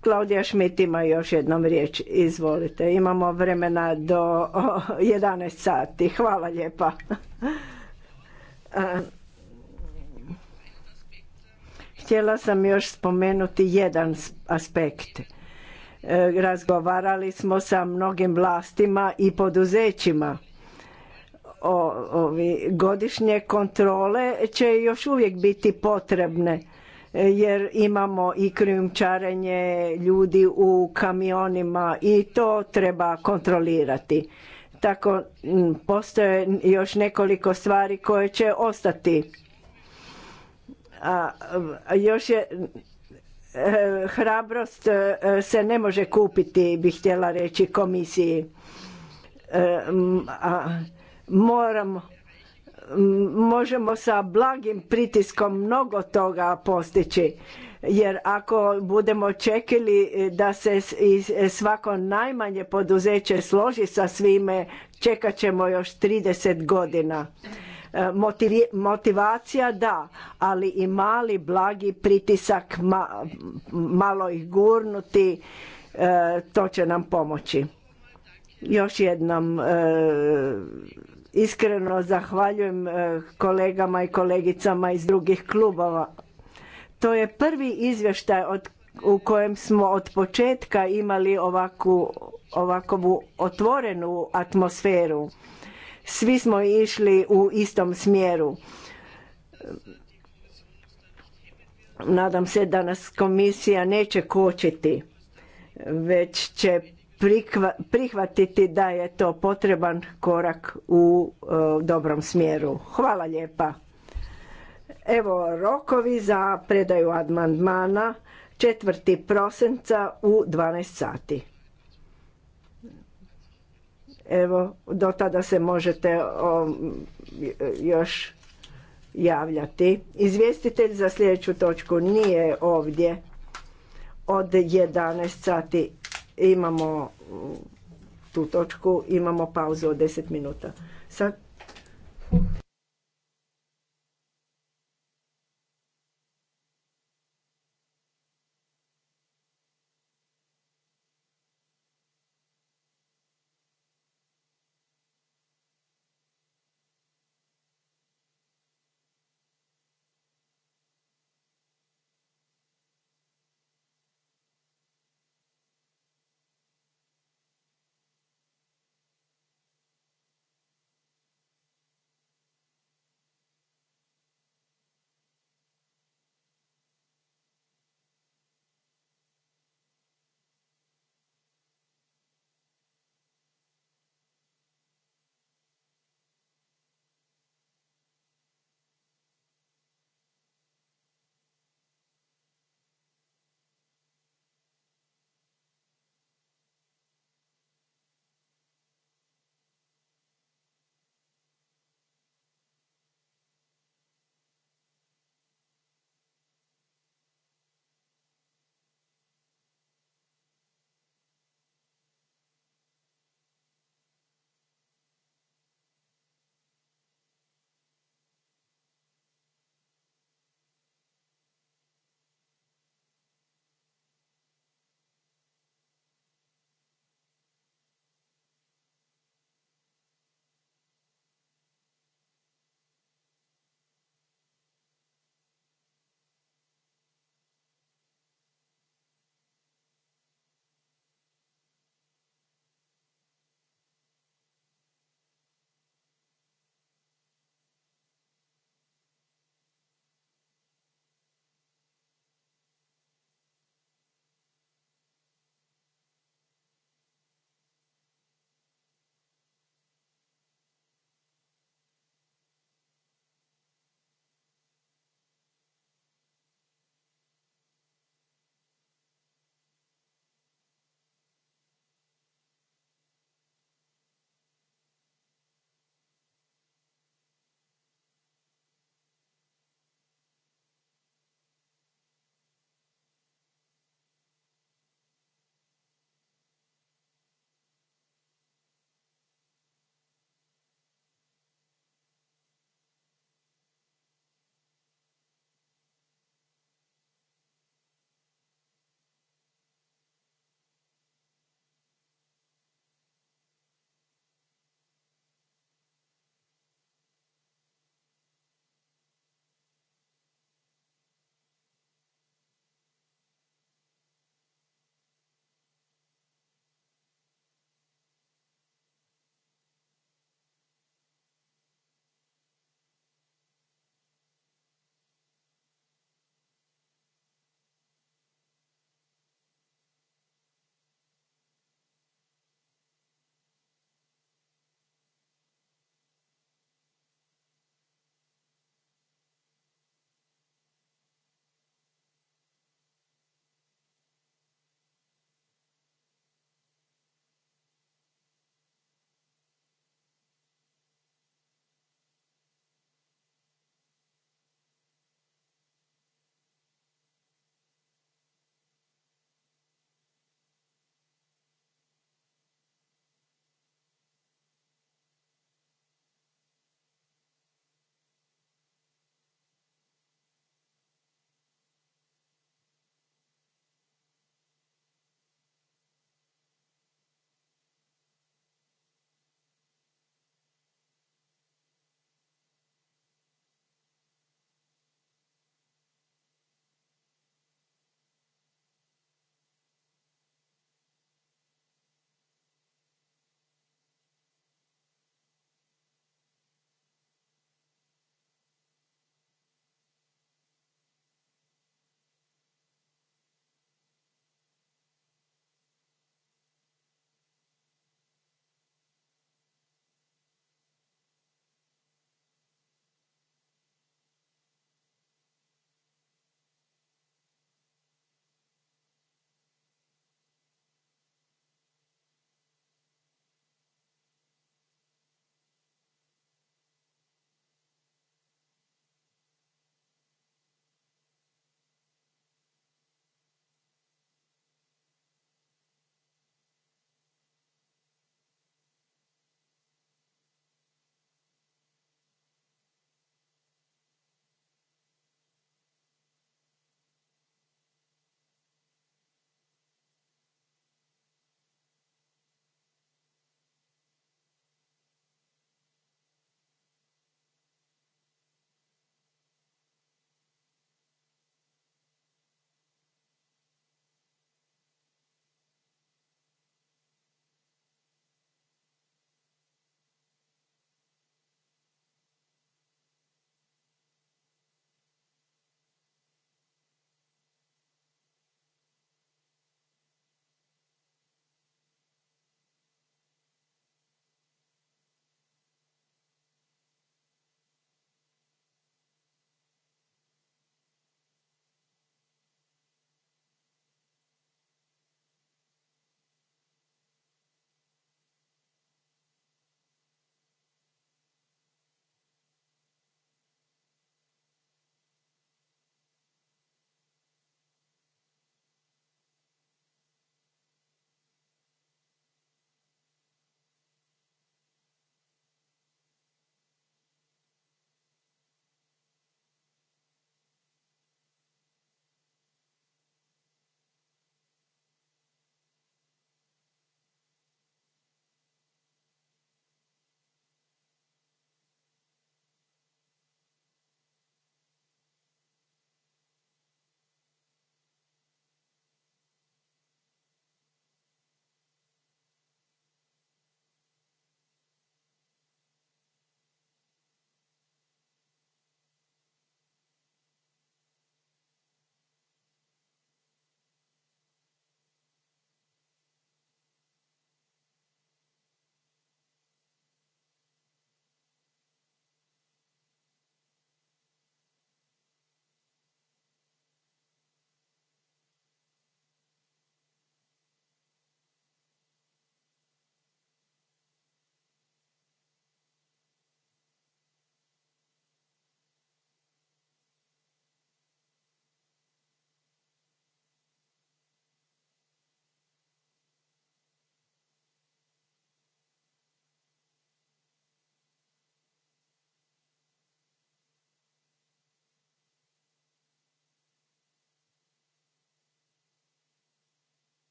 Speaker 2: Klaudija Šmit ima još jednom riječ. Izvolite, imamo vremena do 11 sati. Hvala lijepa. htjela sam još spomenuti jedan aspekt. E, razgovarali smo sa mnogim vlastima i poduzećima. O, ovi godišnje kontrole će još uvijek biti potrebne e, jer imamo i krijumčarenje ljudi u kamionima i to treba kontrolirati. Tako postoje još nekoliko stvari koje će ostati a, još je e, hrabrost e, se ne može kupiti bih htjela reći komisiji e, a, moramo možemo sa blagim pritiskom mnogo toga postići jer ako budemo čekili da se svako najmanje poduzeće složi sa svime čekat ćemo još 30 godina Motivacija da, ali i mali blagi pritisak, malo ih gurnuti, e, to će nam pomoći. Još jednom e, iskreno zahvaljujem e, kolegama i kolegicama iz drugih klubova. To je prvi izvještaj od u kojem smo od početka imali ovakvu, ovakvu otvorenu atmosferu svi smo išli u istom smjeru. Nadam se da nas komisija neće kočiti, već će prihvatiti da je to potreban korak u e, dobrom smjeru. Hvala lijepa. Evo rokovi za predaju amandmana 4. prosinca u 12 sati. Evo, do tada se možete um, još javljati. Izvjestitelj za sljedeću točku nije ovdje. Od 11 sati imamo um, tu točku, imamo pauzu od 10 minuta. Sad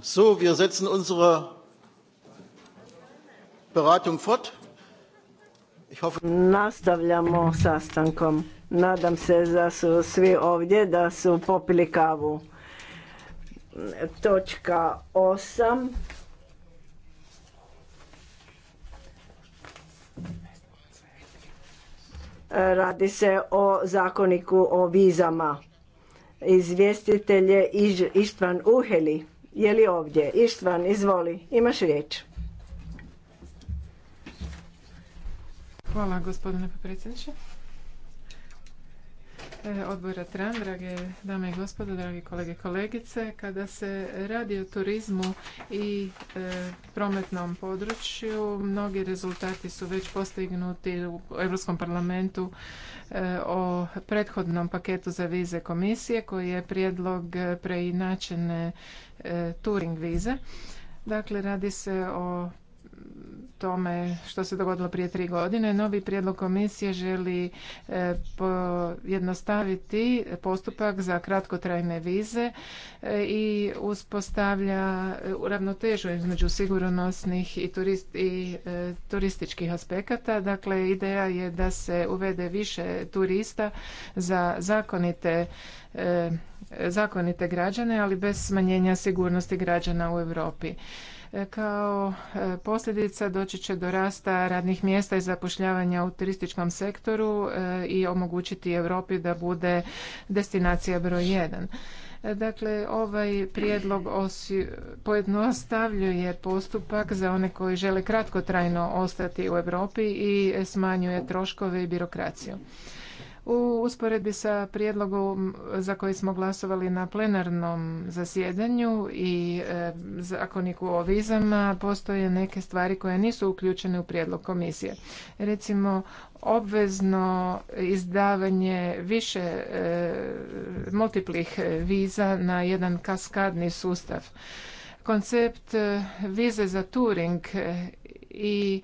Speaker 1: So, wir setzen unsere Beratung fort.
Speaker 2: Ich Nastavljamo sastankom. Nadam se da su svi ovdje, da su popili kavu. Točka 8. Radi se o zakoniku o vizama. Izvjestitelj je Ištvan Uheli. Je li ovdje? Ištvan, izvoli. Imaš riječ. Hvala gospodine predsjedniče. E, odbora
Speaker 3: TRAN, drage dame i gospodo, dragi kolege i kolegice. Kada se radi o turizmu i e, prometnom području, mnogi rezultati su već postignuti u Europskom parlamentu e, o prethodnom paketu za vize komisije koji je prijedlog preinačene Turing vize. Dakle, radi se o tome što se dogodilo prije tri godine. Novi prijedlog komisije želi e, jednostaviti postupak za kratkotrajne vize e, i uspostavlja ravnotežu između sigurnosnih i, i e, turističkih aspekata. Dakle, ideja je da se uvede više turista za zakonite zakonite građane, ali bez smanjenja sigurnosti građana u Europi. E, kao e, posljedica doći će do rasta radnih mjesta i zapošljavanja u turističkom sektoru e, i omogućiti Europi da bude destinacija broj jedan. Dakle, ovaj prijedlog pojednostavljuje postupak za one koji žele kratkotrajno ostati u Europi i smanjuje troškove i birokraciju u usporedbi sa prijedlogom za koji smo glasovali na plenarnom zasjedanju i e, zakoniku o vizama postoje neke stvari koje nisu uključene u prijedlog komisije. Recimo obvezno izdavanje više e, multiplih viza na jedan kaskadni sustav. Koncept e, vize za Turing i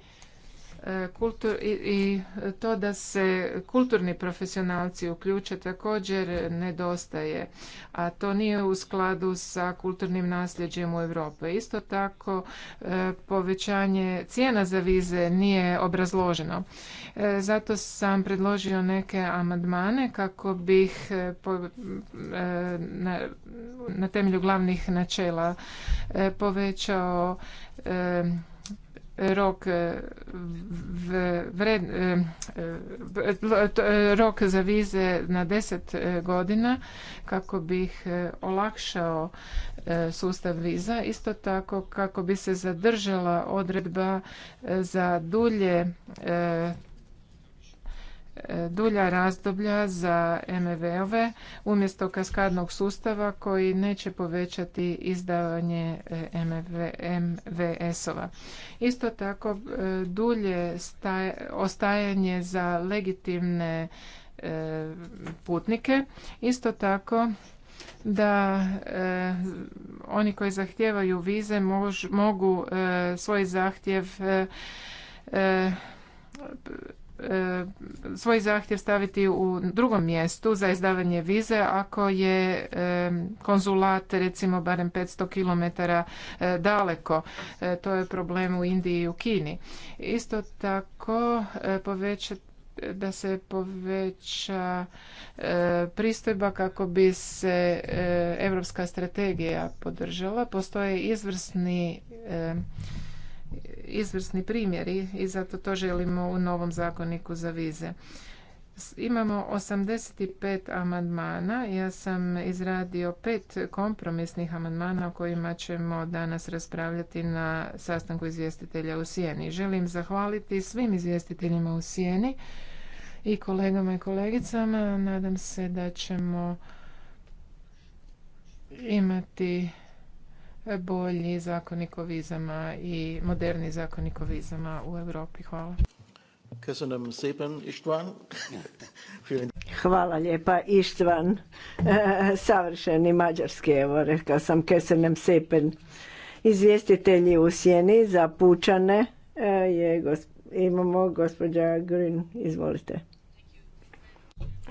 Speaker 3: Kultur, i, to da se kulturni profesionalci uključe također nedostaje, a to nije u skladu sa kulturnim nasljeđem u Europi. Isto tako e, povećanje cijena za vize nije obrazloženo. E, zato sam predložio neke amandmane kako bih e, na, na temelju glavnih načela povećao rok e, vred, e, e, rok za vize na 10 godina kako bih olakšao sustav viza isto tako kako bi se zadržala odredba za dulje dulja razdoblja za MEV-ove umjesto kaskadnog sustava koji neće povećati izdavanje e, MVS-ova. Isto tako e, dulje ostajanje za legitimne e, putnike. Isto tako da oni koji zahtijevaju vize mogu svoj zahtjev E, svoj zahtjev staviti u drugom mjestu za izdavanje vize ako je e, konzulat recimo barem 500 km e, daleko. To je problem u Indiji i u Kini. Isto tako da se poveća pristojba kako bi se europska strategija podržala. Postoje izvrsni izvrsni primjeri i zato to želimo u novom zakoniku za vize. Imamo 85 amandmana. Ja sam izradio pet kompromisnih amandmana o kojima ćemo danas raspravljati na sastanku izvjestitelja u Sijeni. Želim zahvaliti svim izvjestiteljima u Sijeni i kolegama i kolegicama. Nadam se da ćemo imati bolji zakonik o vizama i moderni zakonik o vizama u Europi. Hvala.
Speaker 2: Hvala lijepa Ištvan. E, savršeni mađarski, evo rekao sam Kesenem Sepen. Izvjestitelji u sjeni za pučane e, je, imamo gospođa Grün, izvolite.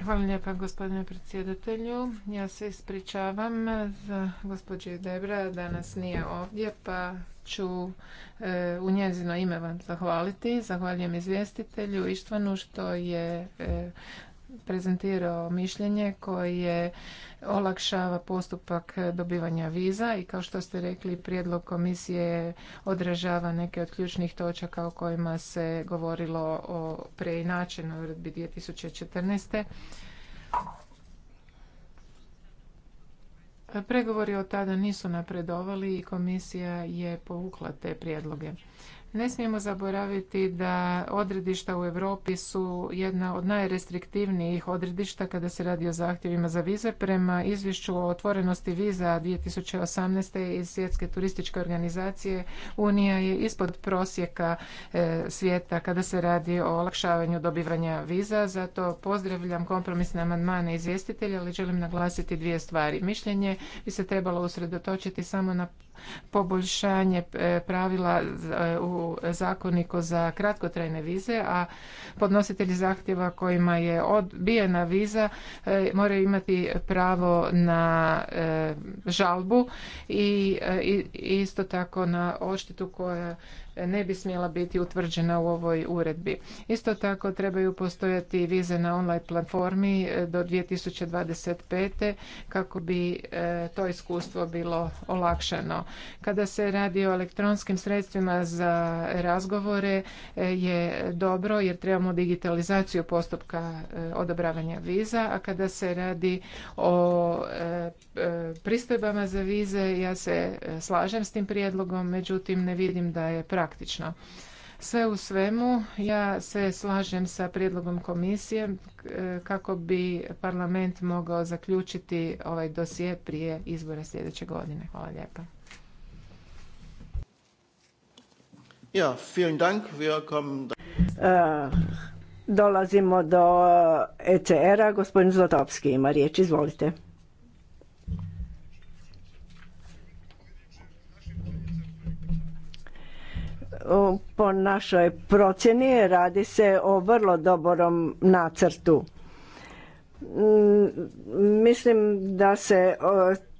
Speaker 3: Hvala lijepa gospodine predsjedatelju. Ja se ispričavam za gospođe Debra, danas nije ovdje pa ću e, u njezino ime vam zahvaliti. Zahvaljujem izvjestitelju Ištvanu što je e, prezentirao mišljenje koje olakšava postupak dobivanja viza i kao što ste rekli prijedlog komisije odražava neke od ključnih točaka o kojima se govorilo o preinačenoj uredbi 2014. Pregovori od tada nisu napredovali i komisija je povukla te prijedloge. Ne smijemo zaboraviti da odredišta u Europi su jedna od najrestriktivnijih odredišta kada se radi o zahtjevima za vize. Prema izvješću o otvorenosti viza 2018. iz Svjetske turističke organizacije Unija je ispod prosjeka e, svijeta kada se radi o olakšavanju dobivanja viza. Zato pozdravljam kompromisne amandmane izvjestitelja, ali želim naglasiti dvije stvari. Mišljenje bi se trebalo usredotočiti samo na poboljšanje e, pravila e, u zakoniku za kratkotrajne vize, a podnositelji zahtjeva kojima je odbijena viza e, moraju imati pravo na žalbu i isto tako na odštetu koja ne bi smjela biti utvrđena u ovoj uredbi. Isto tako trebaju postojati vize na online platformi e, do 2025. kako bi e, to iskustvo bilo olakšano. Kada se radi o elektronskim sredstvima za razgovore e, je dobro jer trebamo digitalizaciju postupka odobravanja viza, a kada se radi o pristojbama za vize ja se slažem s tim prijedlogom, međutim ne vidim da je praktično. Sve u svemu, ja se slažem sa prijedlogom komisije e, kako bi parlament mogao zaključiti ovaj dosje prije izbora sljedeće godine. Hvala lijepa.
Speaker 1: Ja, vielen Dank. Wir kommen...
Speaker 2: E, dolazimo do ECR-a. Gospodin Zlotovski ima riječ. Izvolite. po našoj procjeni radi se o vrlo dobrom nacrtu. Mm, mislim da se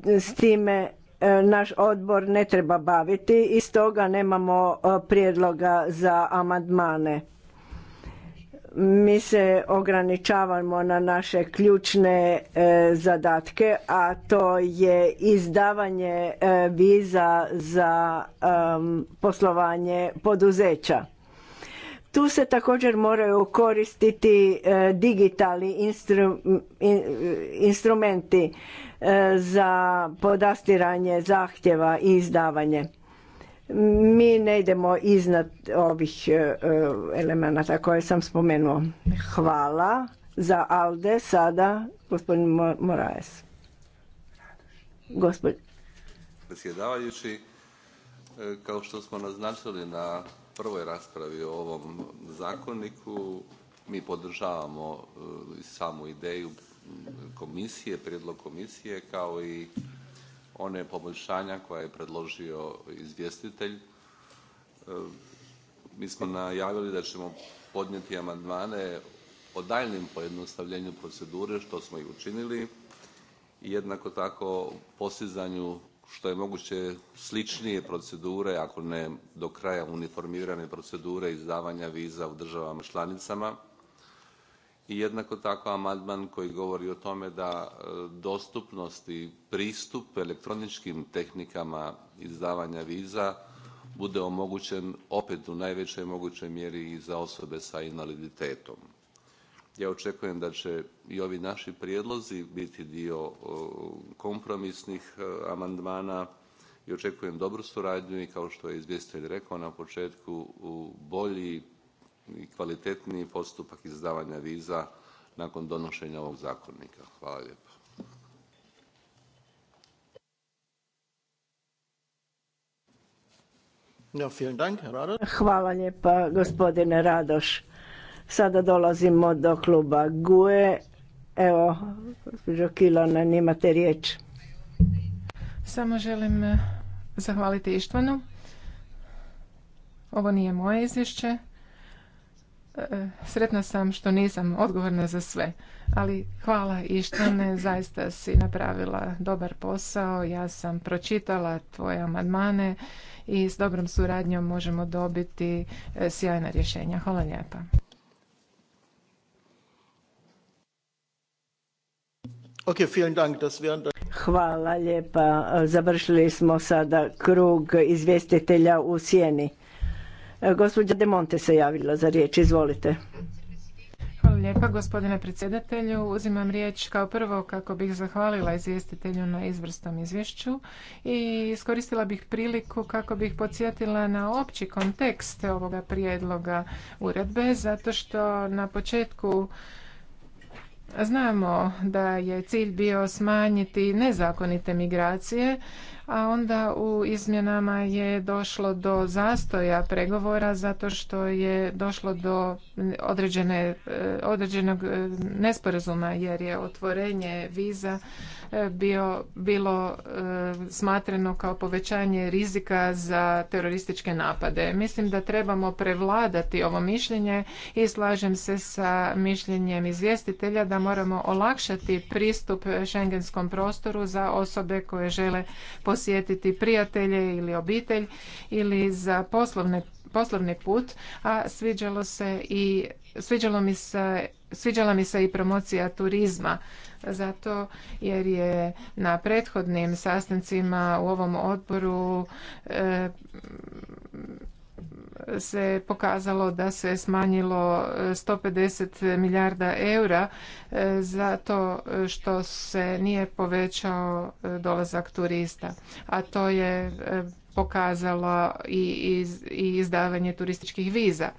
Speaker 2: s time e, naš odbor ne treba baviti i stoga nemamo prijedloga za amandmane mi se ograničavamo na naše ključne e, zadatke a to je izdavanje e, viza za poslovanje poduzeća tu se također moraju koristiti e, digitalni instrumenti za podastiranje zahtjeva i izdavanje mi ne idemo iznad ovih e, e, elemenata koje sam spomenuo. Hvala za Alde sada gospodin Moraes. Gospodin.
Speaker 5: Predsjedavajući, e, kao što smo naznačili na prvoj raspravi o ovom zakoniku, mi podržavamo samu ideju komisije, prijedlog komisije kao i one poboljšanja koja je predložio izvjestitelj. E, mi smo najavili da ćemo podnijeti amandmane o daljnjem pojednostavljenju procedure, što smo i učinili. I jednako tako postizanju što je moguće sličnije procedure, ako ne do kraja uniformirane procedure izdavanja viza u državama članicama i jednako tako amandman koji govori o tome da e, dostupnost i pristup elektroničkim tehnikama izdavanja viza bude omogućen opet u najvećoj mogućoj mjeri i za osobe sa invaliditetom. Ja očekujem da će i ovi naši prijedlozi biti dio e, kompromisnih e, amandmana i očekujem dobru suradnju i kao što je izvjestitelj rekao na početku bolji i kvalitetniji postupak izdavanja viza nakon donošenja ovog zakonika. Hvala lijepa.
Speaker 2: Hvala lijepa gospodine Radoš. Sada dolazimo do kluba GUE. Evo, gospođo Kilona, imate riječ.
Speaker 3: Samo želim eh, zahvaliti Ištvanu. Ovo nije moje izvješće. E, sretna sam što nisam odgovorna za sve, ali hvala i što zaista si napravila dobar posao. Ja sam pročitala tvoje amandmane i s dobrom suradnjom možemo dobiti e, sjajna rješenja. Hvala lijepa.
Speaker 2: Hvala lijepa. Završili smo sada krug izvjestitelja u sjeni. E, gospođa De Monte se javila za riječ, izvolite.
Speaker 3: Hvala lijepa gospodine predsjedatelju. Uzimam riječ kao prvo kako bih zahvalila izvjestitelju na izvrstom izvješću i iskoristila bih priliku kako bih podsjetila na opći kontekst ovoga prijedloga uredbe zato što na početku Znamo da je cilj bio smanjiti nezakonite migracije, a onda u izmjenama je došlo do zastoja pregovora zato što je došlo do određene, e, određenog e, nesporazuma jer je otvorenje viza e, bio, bilo smatrano kao povećanje rizika za terorističke napade. Mislim da trebamo prevladati ovo mišljenje i slažem se sa mišljenjem izvjestitelja da moramo olakšati pristup šengenskom prostoru za osobe koje žele posjetiti prijatelje ili obitelj ili za poslovne, poslovni put, a sviđalo se i sviđalo mi se sviđala mi se i promocija turizma zato jer je na prethodnim sastancima u ovom odboru e, se pokazalo da se smanjilo 150 e, milijarda eura e, zato e, što se nije povećao dolazak turista, a to je pokazalo i izdavanje turističkih viza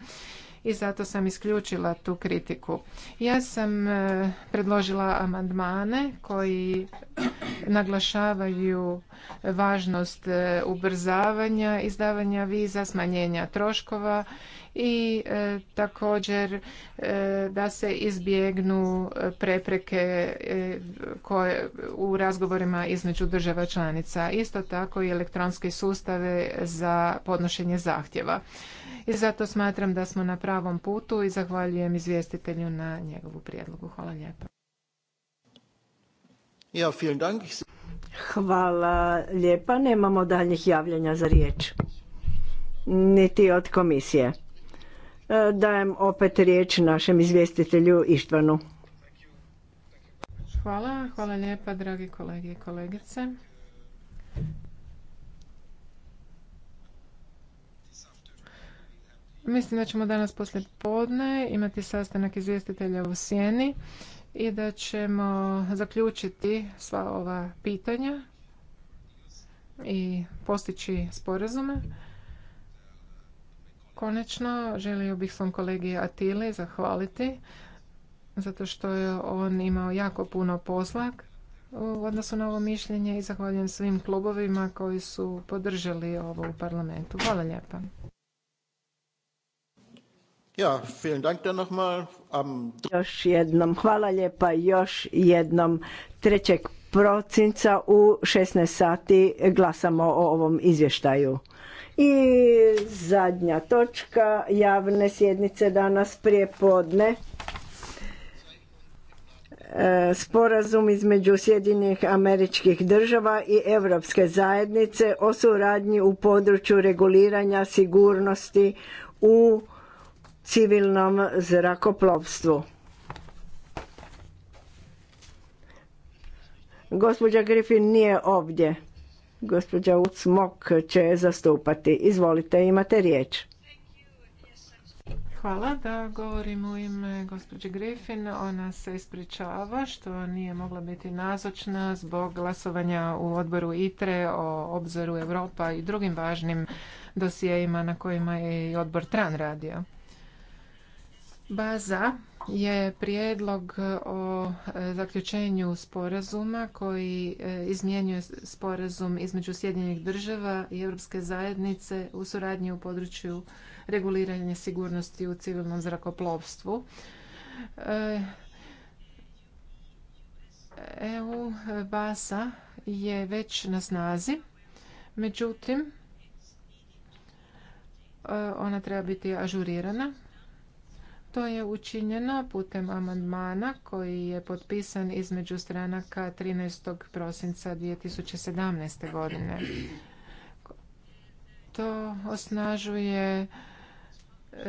Speaker 3: i zato sam isključila tu kritiku. Ja sam e, predložila amandmane koji naglašavaju važnost e, ubrzavanja izdavanja viza, smanjenja troškova i e, također e, da se izbjegnu e, prepreke koje u razgovorima između država članica. Isto tako i elektronske sustave za podnošenje zahtjeva. I zato smatram da smo na pravom putu i zahvaljujem
Speaker 2: izvjestitelju na njegovu prijedlogu. Hvala lijepa. vielen Dank. Hvala lijepa. Nemamo daljnjih javljanja za riječ. Niti od komisije. E, dajem opet riječ našem izvjestitelju Ištvanu.
Speaker 3: Hvala, hvala lijepa dragi kolege i kolegice. Mislim da ćemo danas poslije podne imati sastanak izvjestitelja u Sjeni i da ćemo zaključiti sva ova pitanja i postići sporazume. Konačno, želio bih svom kolegi Atili zahvaliti zato što je on imao jako puno posla u odnosu na ovo mišljenje i zahvaljujem svim klubovima koji su podržali ovo u
Speaker 2: parlamentu. Hvala lijepa.
Speaker 1: Ja, vielen Dank
Speaker 2: Još jednom, hvala lijepa još jednom Trećeg procinca u 16 sati glasamo o ovom izvještaju. I zadnja točka javne sjednice danas prije podne. E, sporazum između Sjedinjenih američkih država i Europske zajednice o suradnji u području reguliranja sigurnosti u civilnom zrakoplovstvu. Gospođa Griffin nije ovdje. Gospođa Ucmok će zastupati. Izvolite, imate riječ.
Speaker 3: Hvala da govorim u ime gospođe Griffin. Ona se ispričava što nije mogla biti nazočna zbog glasovanja u odboru ITRE o obzoru Europa i drugim važnim dosijejima na kojima je i odbor TRAN radio. Baza je prijedlog o e, zaključenju sporazuma koji e, izmjenjuje sporazum između Sjedinjenih država i Europske zajednice u suradnji u području reguliranja sigurnosti u civilnom zrakoplovstvu. EU e baza je već na snazi, međutim ona treba biti ažurirana to je učinjeno putem amandmana koji je potpisan između stranaka 13. prosinca 2017. godine. To osnažuje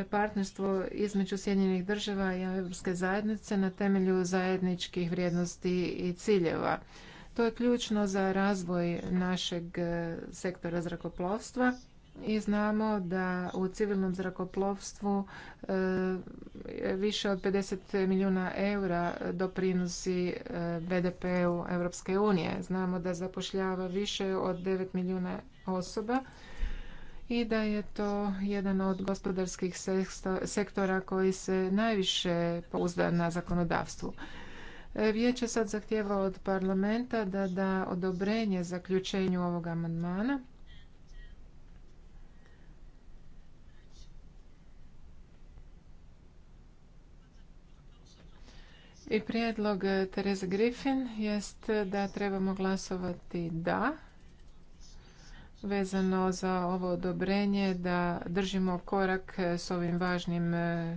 Speaker 3: partnerstvo između Sjedinjenih država i Europske zajednice na temelju zajedničkih vrijednosti i ciljeva. To je ključno za razvoj našeg sektora zrakoplovstva i znamo da u civilnom zrakoplovstvu e, više od 50 milijuna eura doprinosi e, BDP-u Europske unije. Znamo da zapošljava više od 9 milijuna osoba i da je to jedan od gospodarskih sektora koji se najviše pouzda na zakonodavstvu. E, Vijeće sad zahtjeva od parlamenta da da odobrenje zaključenju ovog amandmana I prijedlog e, Tereza Griffin jest e, da trebamo glasovati da vezano za ovo odobrenje da držimo korak e, s ovim važnim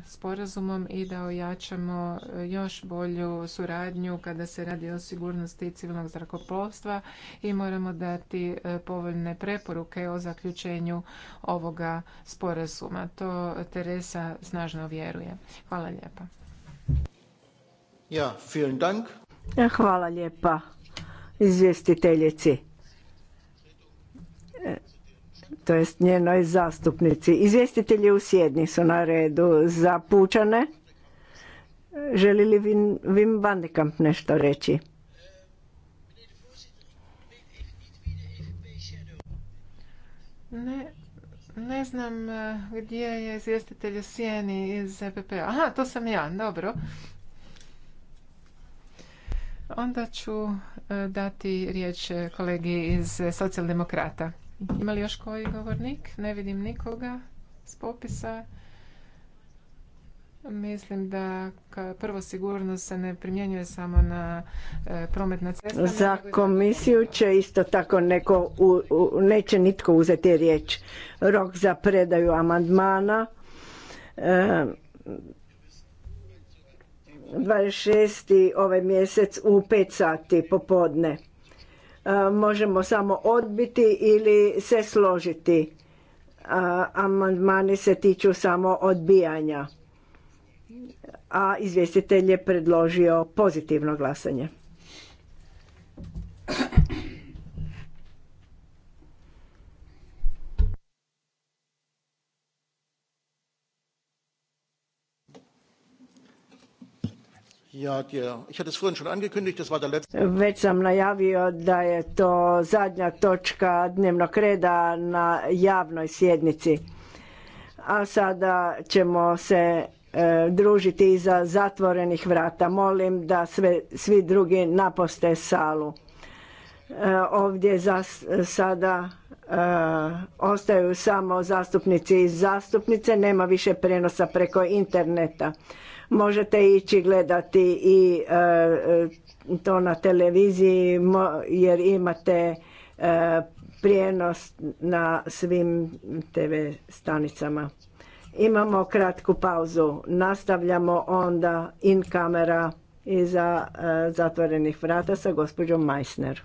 Speaker 3: sporazumom i da ojačamo još bolju suradnju kada se radi o sigurnosti civilnog zrakoplovstva i moramo dati povoljne preporuke o zaključenju ovoga sporazuma. To Teresa snažno vjeruje. Hvala
Speaker 2: lijepa.
Speaker 1: Ja, vielen Dank.
Speaker 2: E, hvala lijepa izvjestiteljici, e, to jest njenoj zastupnici. Izvjestitelji u sjedni su na redu za pučane. Želi li Vim, Vim nešto reći?
Speaker 3: Ne, ne znam e, gdje je izvjestitelj u sjeni iz EPP. Aha, to sam ja, dobro. Onda ću e, dati riječ e, kolegi iz socijaldemokrata. Ima li još koji govornik? Ne vidim nikoga s popisa. Mislim da prvo sigurnost se ne primjenjuje samo na e, prometna na Za
Speaker 2: komisiju će isto tako neko, neće nitko uzeti riječ. Rok za predaju amandmana. 26. ovaj mjesec u 5 sati popodne. E, možemo samo odbiti ili se složiti. E, amandmani se tiču samo odbijanja. A izvjestitelj je predložio pozitivno glasanje. Već sam najavio da je to zadnja točka dnevnog reda na javnoj sjednici. A sada ćemo se e, družiti iza zatvorenih vrata. Molim da svi drugi naposte salu. E, ovdje sada e, ostaju samo zastupnici i zastupnice, nema više prenosa preko interneta. Možete ići gledati i e, e, to na televiziji jer imate e, prijenos na svim TV stanicama. Imamo kratku pauzu. Nastavljamo onda in kamera iza zatvorenih vrata sa gospođom Meissner.